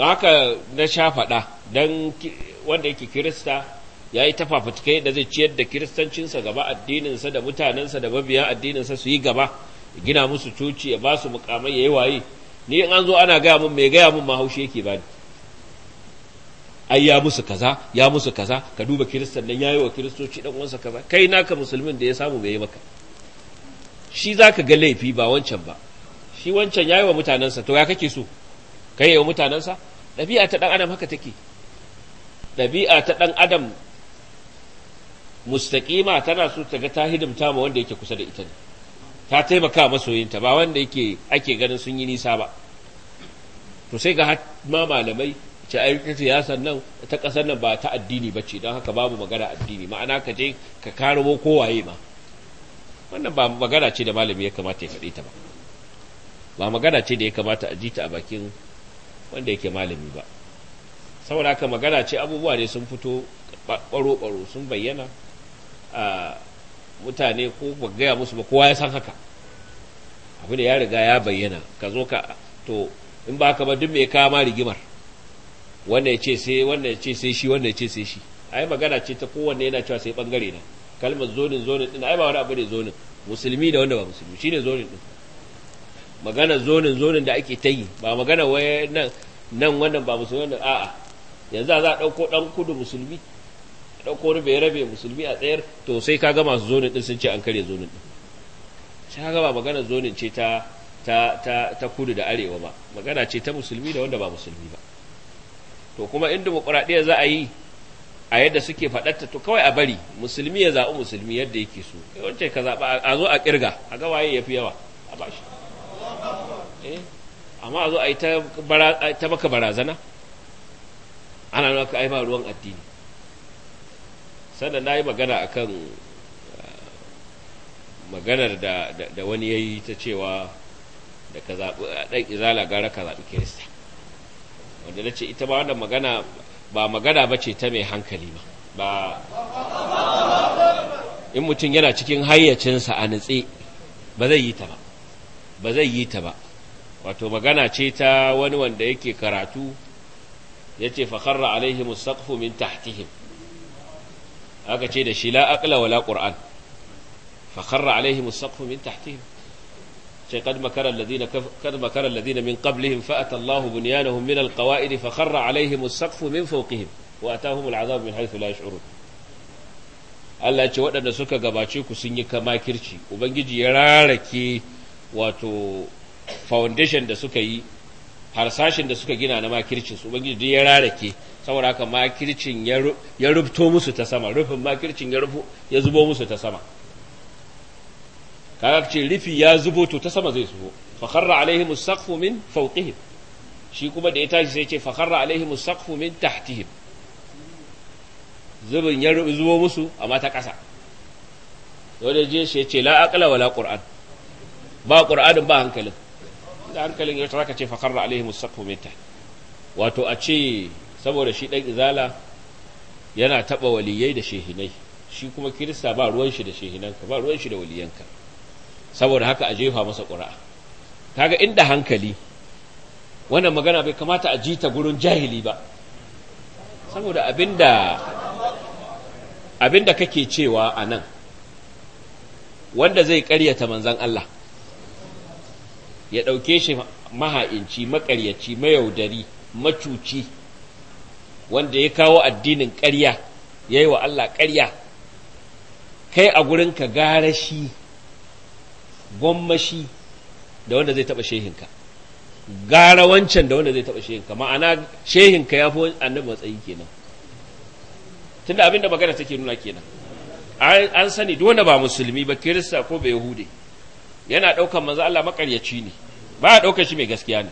S2: don haka na sha faɗa don wanda yake kirista ya yi tafafatikai da zai ciyar da kiristancinsa gaba addininsa da mutanensa da mabiya addininsa su yi gaba gina musu coci ya ba su mukamai ya yi waye ni in an zo ana gaya mun mai gaya mun mahaushe yake ni ai ya musu kaza ya musu kaza ka duba kiristan nan yayi wa kiristoci dan uwansa kaza kai naka musulmin da ya samu bai yi maka shi zaka ga laifi ba wancan ba shi wancan yayi wa mutanensa to ya kake so kai yi wa mutanensa ɗabi'a ta ɗan adam haka take ɗabi'a ta ɗan adam mustaƙima tana so ta ga ta hidimta ma wanda yake kusa da ita ne ta taimaka masoyinta ba wanda yake ake ganin sun yi nisa ba to sai ga ma malamai ce ayyukan siyasar nan ta ƙasar nan ba ta addini ba ce don haka babu magana addini ma'ana ka je ka ko kowaye ma wannan ba magana ce da malami ya kamata ya faɗi ta ba ba magana ce da ya kamata a ji ta a bakin wanda yake malami ba saboda haka magana ce abubuwa ne sun fito baro-baro sun bayyana a mutane ko ba gaya musu ba kowa ya san haka abu da ya riga ya bayyana ka zo ka to in ba ka ba duk mai kama rigimar wanda ya ce sai wanda ya ce sai shi wanda ya ce sai shi ai magana ce ta kowanne yana cewa sai bangare na kalmar zonin zonin din ai ba wani abu ne zonin musulmi da wanda ba musulmi shine zonin din magana zonin zonin da ake ta yi ba magana waye nan nan wannan ba musulmi a'a yanzu za a ɗauko ɗan kudu musulmi ɗauko wani bai rabe musulmi a tsayar to sai ka ga masu zonin ɗin sun ce an karya zonin ɗin sai ka ba magana zonin ce ta ta ta ta kudu da arewa ba magana ce ta musulmi da wanda ba musulmi ba to kuma in dimokuraɗiyya za a yi a yadda suke faɗarta to kawai a bari musulmi ya zaɓi musulmi yadda yake so wancan ka zaɓa a zo a ƙirga a ga waye ya fi yawa a bashi Eh, amma a zo a yi ta maka barazana ana nuna ka aiba ruwan addini sannan na yi magana akan kan ah, maganar da wani ya yi ta cewa da ka zaɓi a ɗan izala gara ka zaɓi kirista wanda na ce ita ba wannan magana ba magana ba ce ta mai hankali ba in mutum yana cikin hayyacinsa a nutse ba zai yi ta ba ba zai yi ta ba wato magana ce ta wani wanda yake karatu ya ce fakharra alaihi musaqfu min tahtihim aka ce da shi la aqla wala qur'an fakharra alaihi musaqfu min tahtihim ce kad makara alladhina kad makara alladhina min qablihim fa ata Allahu bunyanahum min alqawa'id fakharra alaihim musaqfu min fawqihim wa atahum al'adab min haythu la yash'urun Allah ce waɗanda suka gabace ku sun yi kama kirci ubangiji ya rarake wato foundation da suka yi harsashin da suka gina na makircin su ubangiji duk ya rarake saboda haka makircin ya rubto musu ta sama rufin makircin ya rufo ya zubo musu ta sama kaga ce rufi ya zubo to ta sama zai zubo fa kharra alaihim as-saqfu min fawqihim shi kuma da ya tashi sai ce fa kharra alaihim as-saqfu min tahtihim zubin ya zubo musu amma ta kasa dole je shi ya ce la aqla wala qur'an ba qur'anin ba hankalin da hankalin ya taraka ce fakar da alaihi musaqfu mita wato a ce saboda shi dan izala yana taba waliyai da shehinai shi kuma kirista ba ruwan shi da shehinanka ba ruwan shi da waliyanka saboda haka a jefa masa qur'a kaga inda hankali wannan magana bai kamata a jita gurin jahili ba saboda abinda abinda kake cewa anan wanda zai ƙaryata manzon Allah ya ɗauke shi maha'inci maƙaryaci mayaudari macuci wanda ya kawo addinin ƙarya ya yi wa Allah ƙarya kai a gurinka gara shi gwammashi da wanda zai taɓa shehinka gara wancan da wanda zai taɓa shehinka ma'ana shehinka ya fi annabi matsayi kenan tunda abinda magana take nuna kenan an sani duk ba musulmi ba kirista ko ba hude. yana ɗaukar manzo Allah makaryaci ne ba ɗaukar shi mai gaskiya ne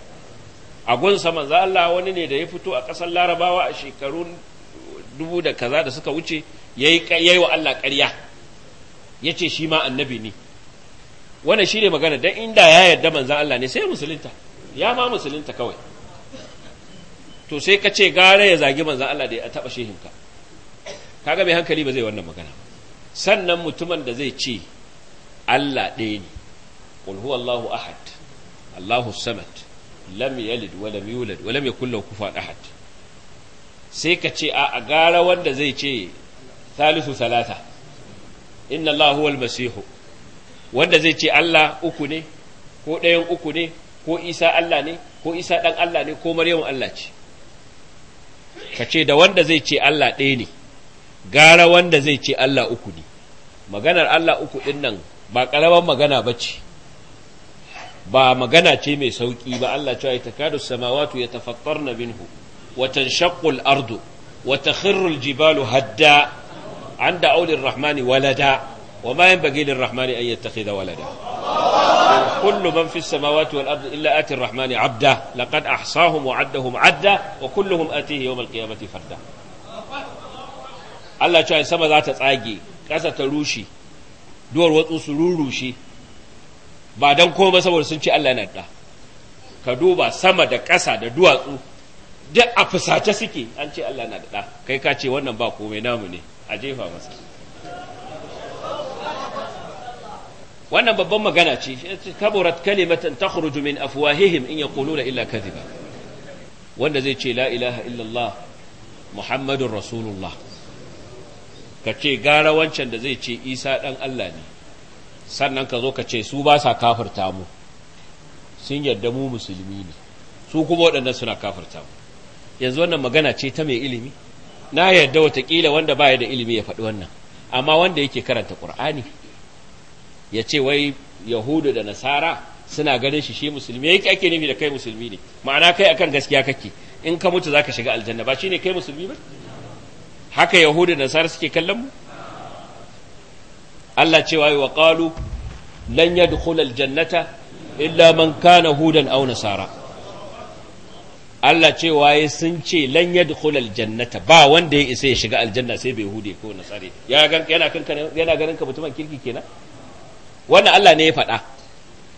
S2: a gunsa manzo Allah wani ne da ya fito a ƙasar larabawa a shekarun dubu da kaza da suka wuce ya yi wa Allah ƙarya ya ce shi ma annabi ne wannan shi ne magana don inda ya yarda manzo Allah ne sai musulunta ya ma musulunta kawai to sai ka ce gara ya zagi manzo Allah da ya taɓa shehinka kaga mai hankali ba zai wannan magana sannan mutumin da zai ce Allah ɗaya ne qul huwallahu ahad Allahu samad lam yalid wa lam yulad wa lam yakul lahu kufuwan ahad sai ka ce a gara wanda zai ce thalithu thalatha inna Allah huwal wanda zai ce Allah uku ne ko ɗayan uku ne ko Isa Allah ne ko Isa Allah ne ko Allah ka ce da wanda zai ce Allah ɗaya ne gara wanda zai ce Allah uku ne maganar Allah uku ɗin nan ba ƙaramar magana ba ce ba magana ce mai sauki ba Allah cewa ya takadu samawatu ya tafattarna minhu wa tanshaqqu al-ardu wa takhirru al-jibalu hadda an da'u rahmani walada wa ma yanbaghi lir-rahmani an yattakhidha walada kullu man fi as-samawati wal-ardi illa ati ar-rahmani 'abda laqad ahsahum wa 'addahum 'adda wa kulluhum atihi yawm al-qiyamati farda Allah cewa sama za ta tsage ƙasa ta rushe duwar watsu su rurushe ba dan koma saboda sun ce Allah yana ka duba sama da ƙasa da duwatsu da a fusace suke an ce Allah na kai ka ce wannan ba komai namu ne a jefa masa wannan babban magana ce kaburat kalimatan takhruju min afwahihim in yaquluna illa kadhiba wanda zai ce la ilaha illallah muhammadun rasulullah ka ce gara wancan da zai ce isa dan Allah ne sannan ka zo ka ce su ba sa kafirta mu sun yarda mu musulmi ne su kuma waɗannan suna kafirta mu yanzu wannan magana ce ta mai ilimi na yarda watakila wanda baya da ilimi ya faɗi wannan amma wanda yake karanta ƙur'ani ya ce wai yahudu da nasara suna ganin shi shi musulmi yake ake nufi da kai musulmi ne ma'ana kai akan gaskiya kake in ka mutu za ka shiga aljanna ba shi ne kai musulmi ba haka yahudu da nasara suke kallon mu Allah cewa wa qalu lan yadkhul aljannata illa man kana hudan nasara Allah cewa ya sun ce lan ba wanda ya isa ya shiga aljanna sai bai hude ko nasare yana ganin ka mutumin kirki kenan wannan Allah ne ya faɗa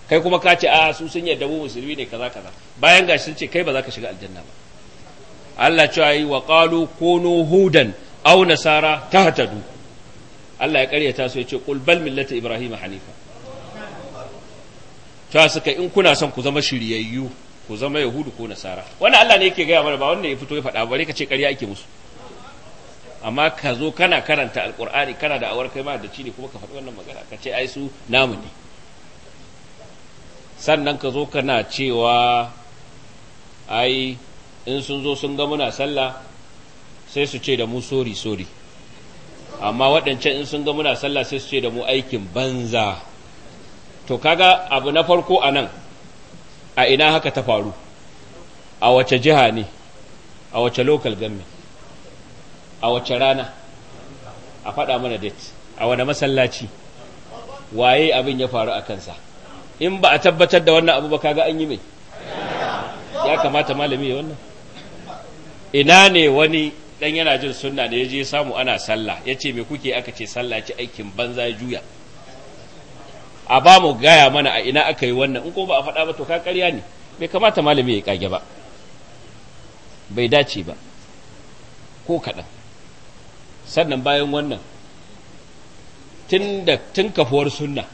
S2: kai kuma ka ce a su sun yarda mu musulmi ne kaza kaza bayan gashi sun ce kai ba za ka shiga aljanna ba Allah cewa yi wa qalu hudan au nasara tahtadu Allah ya karyata su ya ce qul bal millata ibrahim hanifa ta suka in kuna son ku zama shiryayyu ku zama yahudu ko nasara wannan Allah ne yake gaya mana ba wanda ya fito ya faɗa bare ka ce ƙarya ake musu amma ka zo kana karanta Alƙur'ani kana da awar kai ma da ci ne kuma ka faɗi wannan magana ka ce ai su namu ne sannan ka zo kana cewa ai in sun zo sun ga muna sallah sai su ce da mu sori sori amma waɗancan in sun ga muna sallah sai su ce da mu aikin banza to kaga abu na farko a nan a ina haka ta faru a wace jiha ne a wace local gami a wace rana a faɗa mana date a wane masallaci waye abin ya faru a kansa in ba a tabbatar da wannan abu ba kaga an yi mai ya kamata malami ya wannan ina ne wani dan yana jin sunna da ya je samu ana sallah ya ce mai kuke aka ce sallah ce aikin banza juya a ba mu gaya mana a ina aka yi wannan in ko ba a faɗa ba to ka ƙarya ne bai kamata malami ya kage ba bai dace ba ko kaɗan sannan bayan wannan tun kafuwar sunna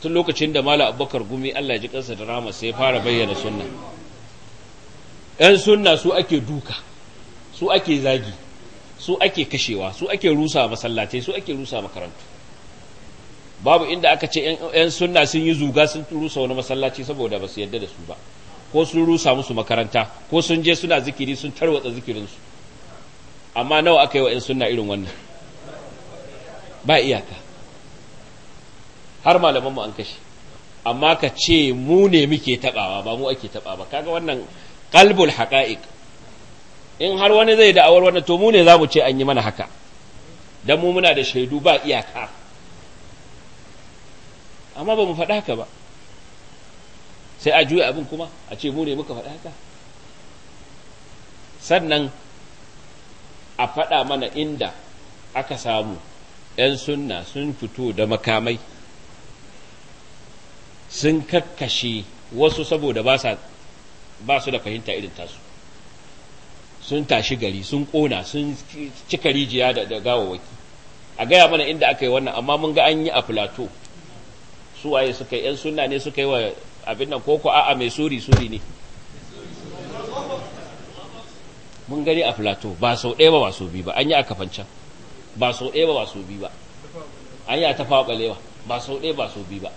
S2: tun lokacin da mala abubakar gumi allah ji kansa da rama sai fara bayyana sunna ‘yan sunna su ake duka’ su ake zagi su ake kashewa su ake rusa masallatai su ake rusa makarantu babu inda aka ce yan sunna sun yi zuga sun rusa wani masallaci saboda ba su yadda da su ba ko sun rusa musu makaranta ko sun je suna zikiri sun tarwatsa zikirinsu amma nawa aka yi wa yan sunna irin wannan ba iyaka har malamanmu an kashe amma ka ce mu ne muke tabawa ba mu ake taba ba kaga wannan qalbul haqa'iq in har wani zai da'awar wannan to mu ne za mu ce an yi mana haka don mu muna da shaidu ba iyaka amma ba mu faɗa haka ba sai a juya abin kuma a ce mu ne muka faɗa haka sannan a faɗa mana inda aka samu 'yan sunna sun fito da makamai sun kakkashe wasu saboda ba su da fahimta irin tasu sun tashi gari sun kona sun cika rijiya da da gawawaki a gaya mana inda aka yi wannan amma mun ga an yi a filato su waye suka yi 'yan sunna ne suka yi wa abin nan koko a'a mai suri suri ne mun gani a filato ba sau ɗaya ba ba bi biyu ba an yi a kafancan ba sau ɗaya ba ba bi biyu ba an yi a tafawa ɓalewa ba sau ɗaya ba sau biyu ba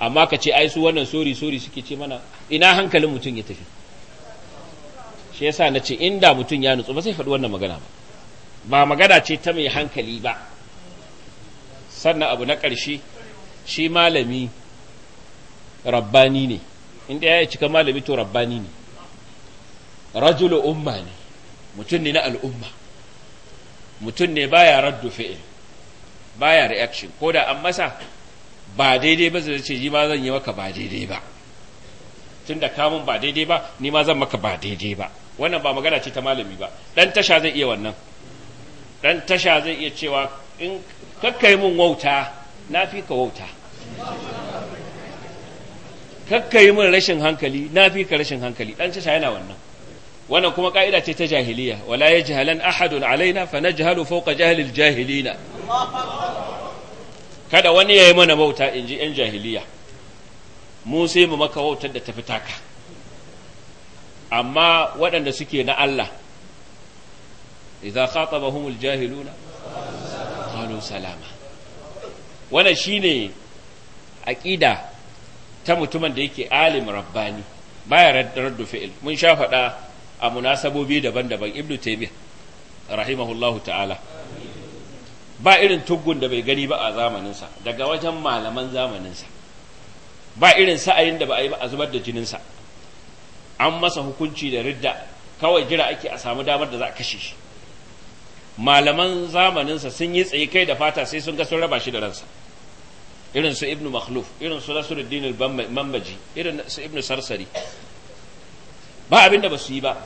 S2: amma ka ce ai su wannan suri suri suke ce mana ina hankalin mutum ya tafi shi yasa na ce inda mutum ya nutsu ba sai faɗi wannan magana ba ba magana ce ta mai hankali ba sannan abu na ƙarshe shi malami rabbani ne inda ya yi cika malami to rabbani ne rajulu umma ne mutum ne na al'umma mutum ne baya raddu fi'il baya reaction ko da an masa ba daidai ba zai ce ji ma zan yi maka ba daidai ba tun tunda kamun ba daidai ba ni ma zan maka ba daidai ba wannan ba magana ce ta malami ba dan tasha zai iya wannan dan tasha zai iya cewa in kakkai mun wauta na fi ka wauta kakkai mun rashin hankali na fi ka rashin hankali dan tasha yana wannan wannan kuma ka'ida ce ta jahiliya wala yajhalan ahadun alaina fa najhalu fawqa jahli aljahilina kada wani yayi mana wauta inji yan jahiliya mu sai mu maka wautar da tafi taka amma waɗanda suke na Allah idza khatabahumul jahiluna qalu salama wannan shine aqida ta mutumin da yake alim rabbani baya raddu fi'il mun sha faɗa a munasabobi daban-daban ibnu taymiyyah rahimahullahu ta'ala ba irin tuggun da bai gani ba a zamaninsa daga wajen malaman zamaninsa ba irin sa'ayin da ba a yi ba a zubar da jininsa an masa hukunci da ridda kawai jira ake a samu damar da za a kashe shi malaman zamaninsa sun yi tsaye kai da fata sai sun ga sun raba shi da ransa irin su ibnu makhluf irin su nasiruddin al-mambaji irin su ibnu sarsari ba abin da ba su yi ba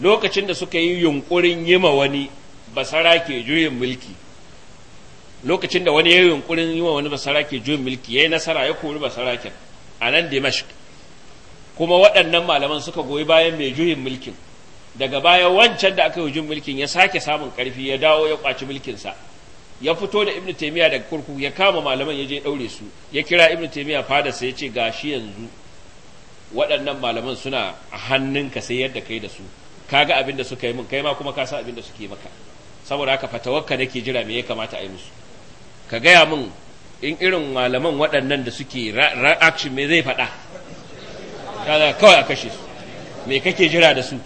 S2: lokacin da suka yi yunkurin yima wani basara ke juyin mulki lokacin da wani ya yi yunkurin yima wani basara ke juyin mulki ya yi nasara ya kori basara a nan dimashq kuma waɗannan malaman suka goyi bayan mai juhin mulkin daga baya wancan da aka yi juhin mulkin ya sake samun ƙarfi ya dawo ya ƙwaci mulkinsa ya fito da ibnu taymiya daga kurkuku ya kama malaman ya je ɗaure su ya kira ibnu taymiya fadarsa ya ce gashi yanzu waɗannan malaman suna a hannunka sai yadda kai da su kaga abin da suka yi min kai ma kuma ka san abin da suke maka saboda haka fatawakka nake jira me ya kamata a yi musu ka gaya mun in irin malaman waɗannan da suke action me zai faɗa kaza kawai a kashe su me kake jira da su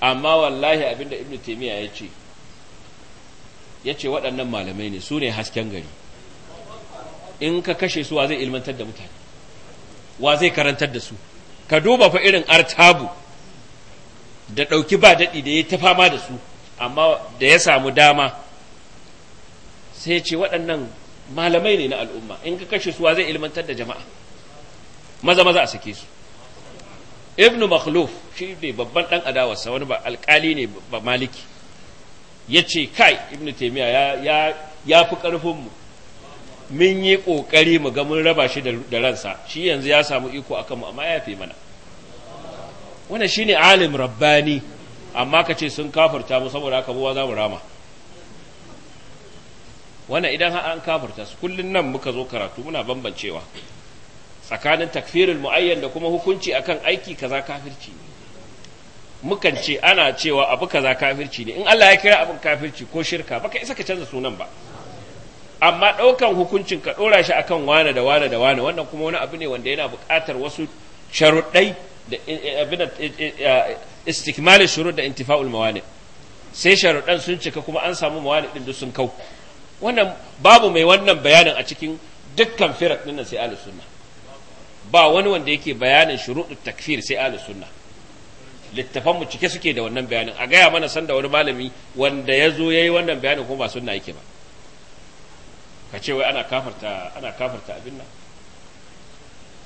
S2: amma wallahi abinda ibnu taymiya ya ce ya ce waɗannan malamai ne su ne hasken gari in ka kashe su wa zai ilmantar da mutane wa zai karantar da su ka duba fa irin artabu da ɗauki ba daɗi da ya ta fama da su amma da ya samu dama sai ce waɗannan malamai ne na al'umma in ka kashe su wa zai ilmantar da jama'a maza maza a sake su ibnu makhluf shi ne babban dan adawarsa wani ba alkali ne ba maliki ya ce kai ibnu taimiyya ya ya fi karfinmu mun yi kokari mu ga mun raba shi da ransa shi yanzu ya samu iko akan mu amma ya fi mana wannan shine alim rabbani amma ka ce sun kafirta mu saboda haka buwa za mu rama wannan idan an kafirta su kullun nan muka zo karatu muna bambancewa tsakanin takfirin mu'ayyan da kuma hukunci akan aiki kaza kafirci ne mukan ce ana cewa abu kaza kafirci ne in Allah ya kira abin kafirci ko shirka baka isa ka canza sunan ba amma ɗaukan hukuncin ka ɗora shi akan wane da wane da wane wannan kuma wani abu ne wanda yana buƙatar wasu sharuɗai da eh, eh, eh, istikmalin shurud da intifa'ul mawani sai sharuɗan sun cika kuma an samu mawani ɗin duk sun kau wannan babu mai wannan bayanin a cikin dukkan firat ɗin sai ahlus sunna ba wani wanda yake bayanin shuruɗu takfir sai ahlus sunna littafan mu cike suke da wannan bayanin a gaya mana san da wani malami wanda ya zo yayi wannan bayanin kuma ba sunna yake ba ka ce wai ana kafarta ana kafarta abin nan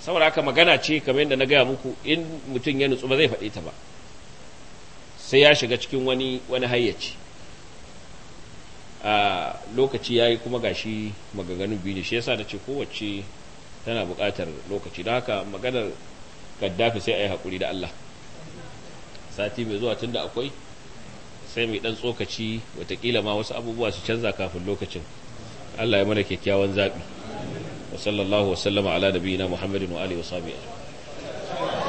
S2: saboda haka magana ce kamar yadda na gaya muku in mutum ya nutsu ba zai faɗi ta ba sai ya shiga cikin wani wani hayyaci a ah, lokaci yayi kuma gashi magaganin biyu ne shi yasa nace kowace tana buƙatar lokaci da haka maganar gaddafi sai a yi haƙuri da Allah sati mai zuwa tun da akwai sai mai ɗan tsokaci watakila ma wasu abubuwa su canza kafin lokacin Allah ya mana kyakkyawan zaɓi wa sallallahu wa sallama ala nabiyina muhammadin wa alihi wa
S1: sahbihi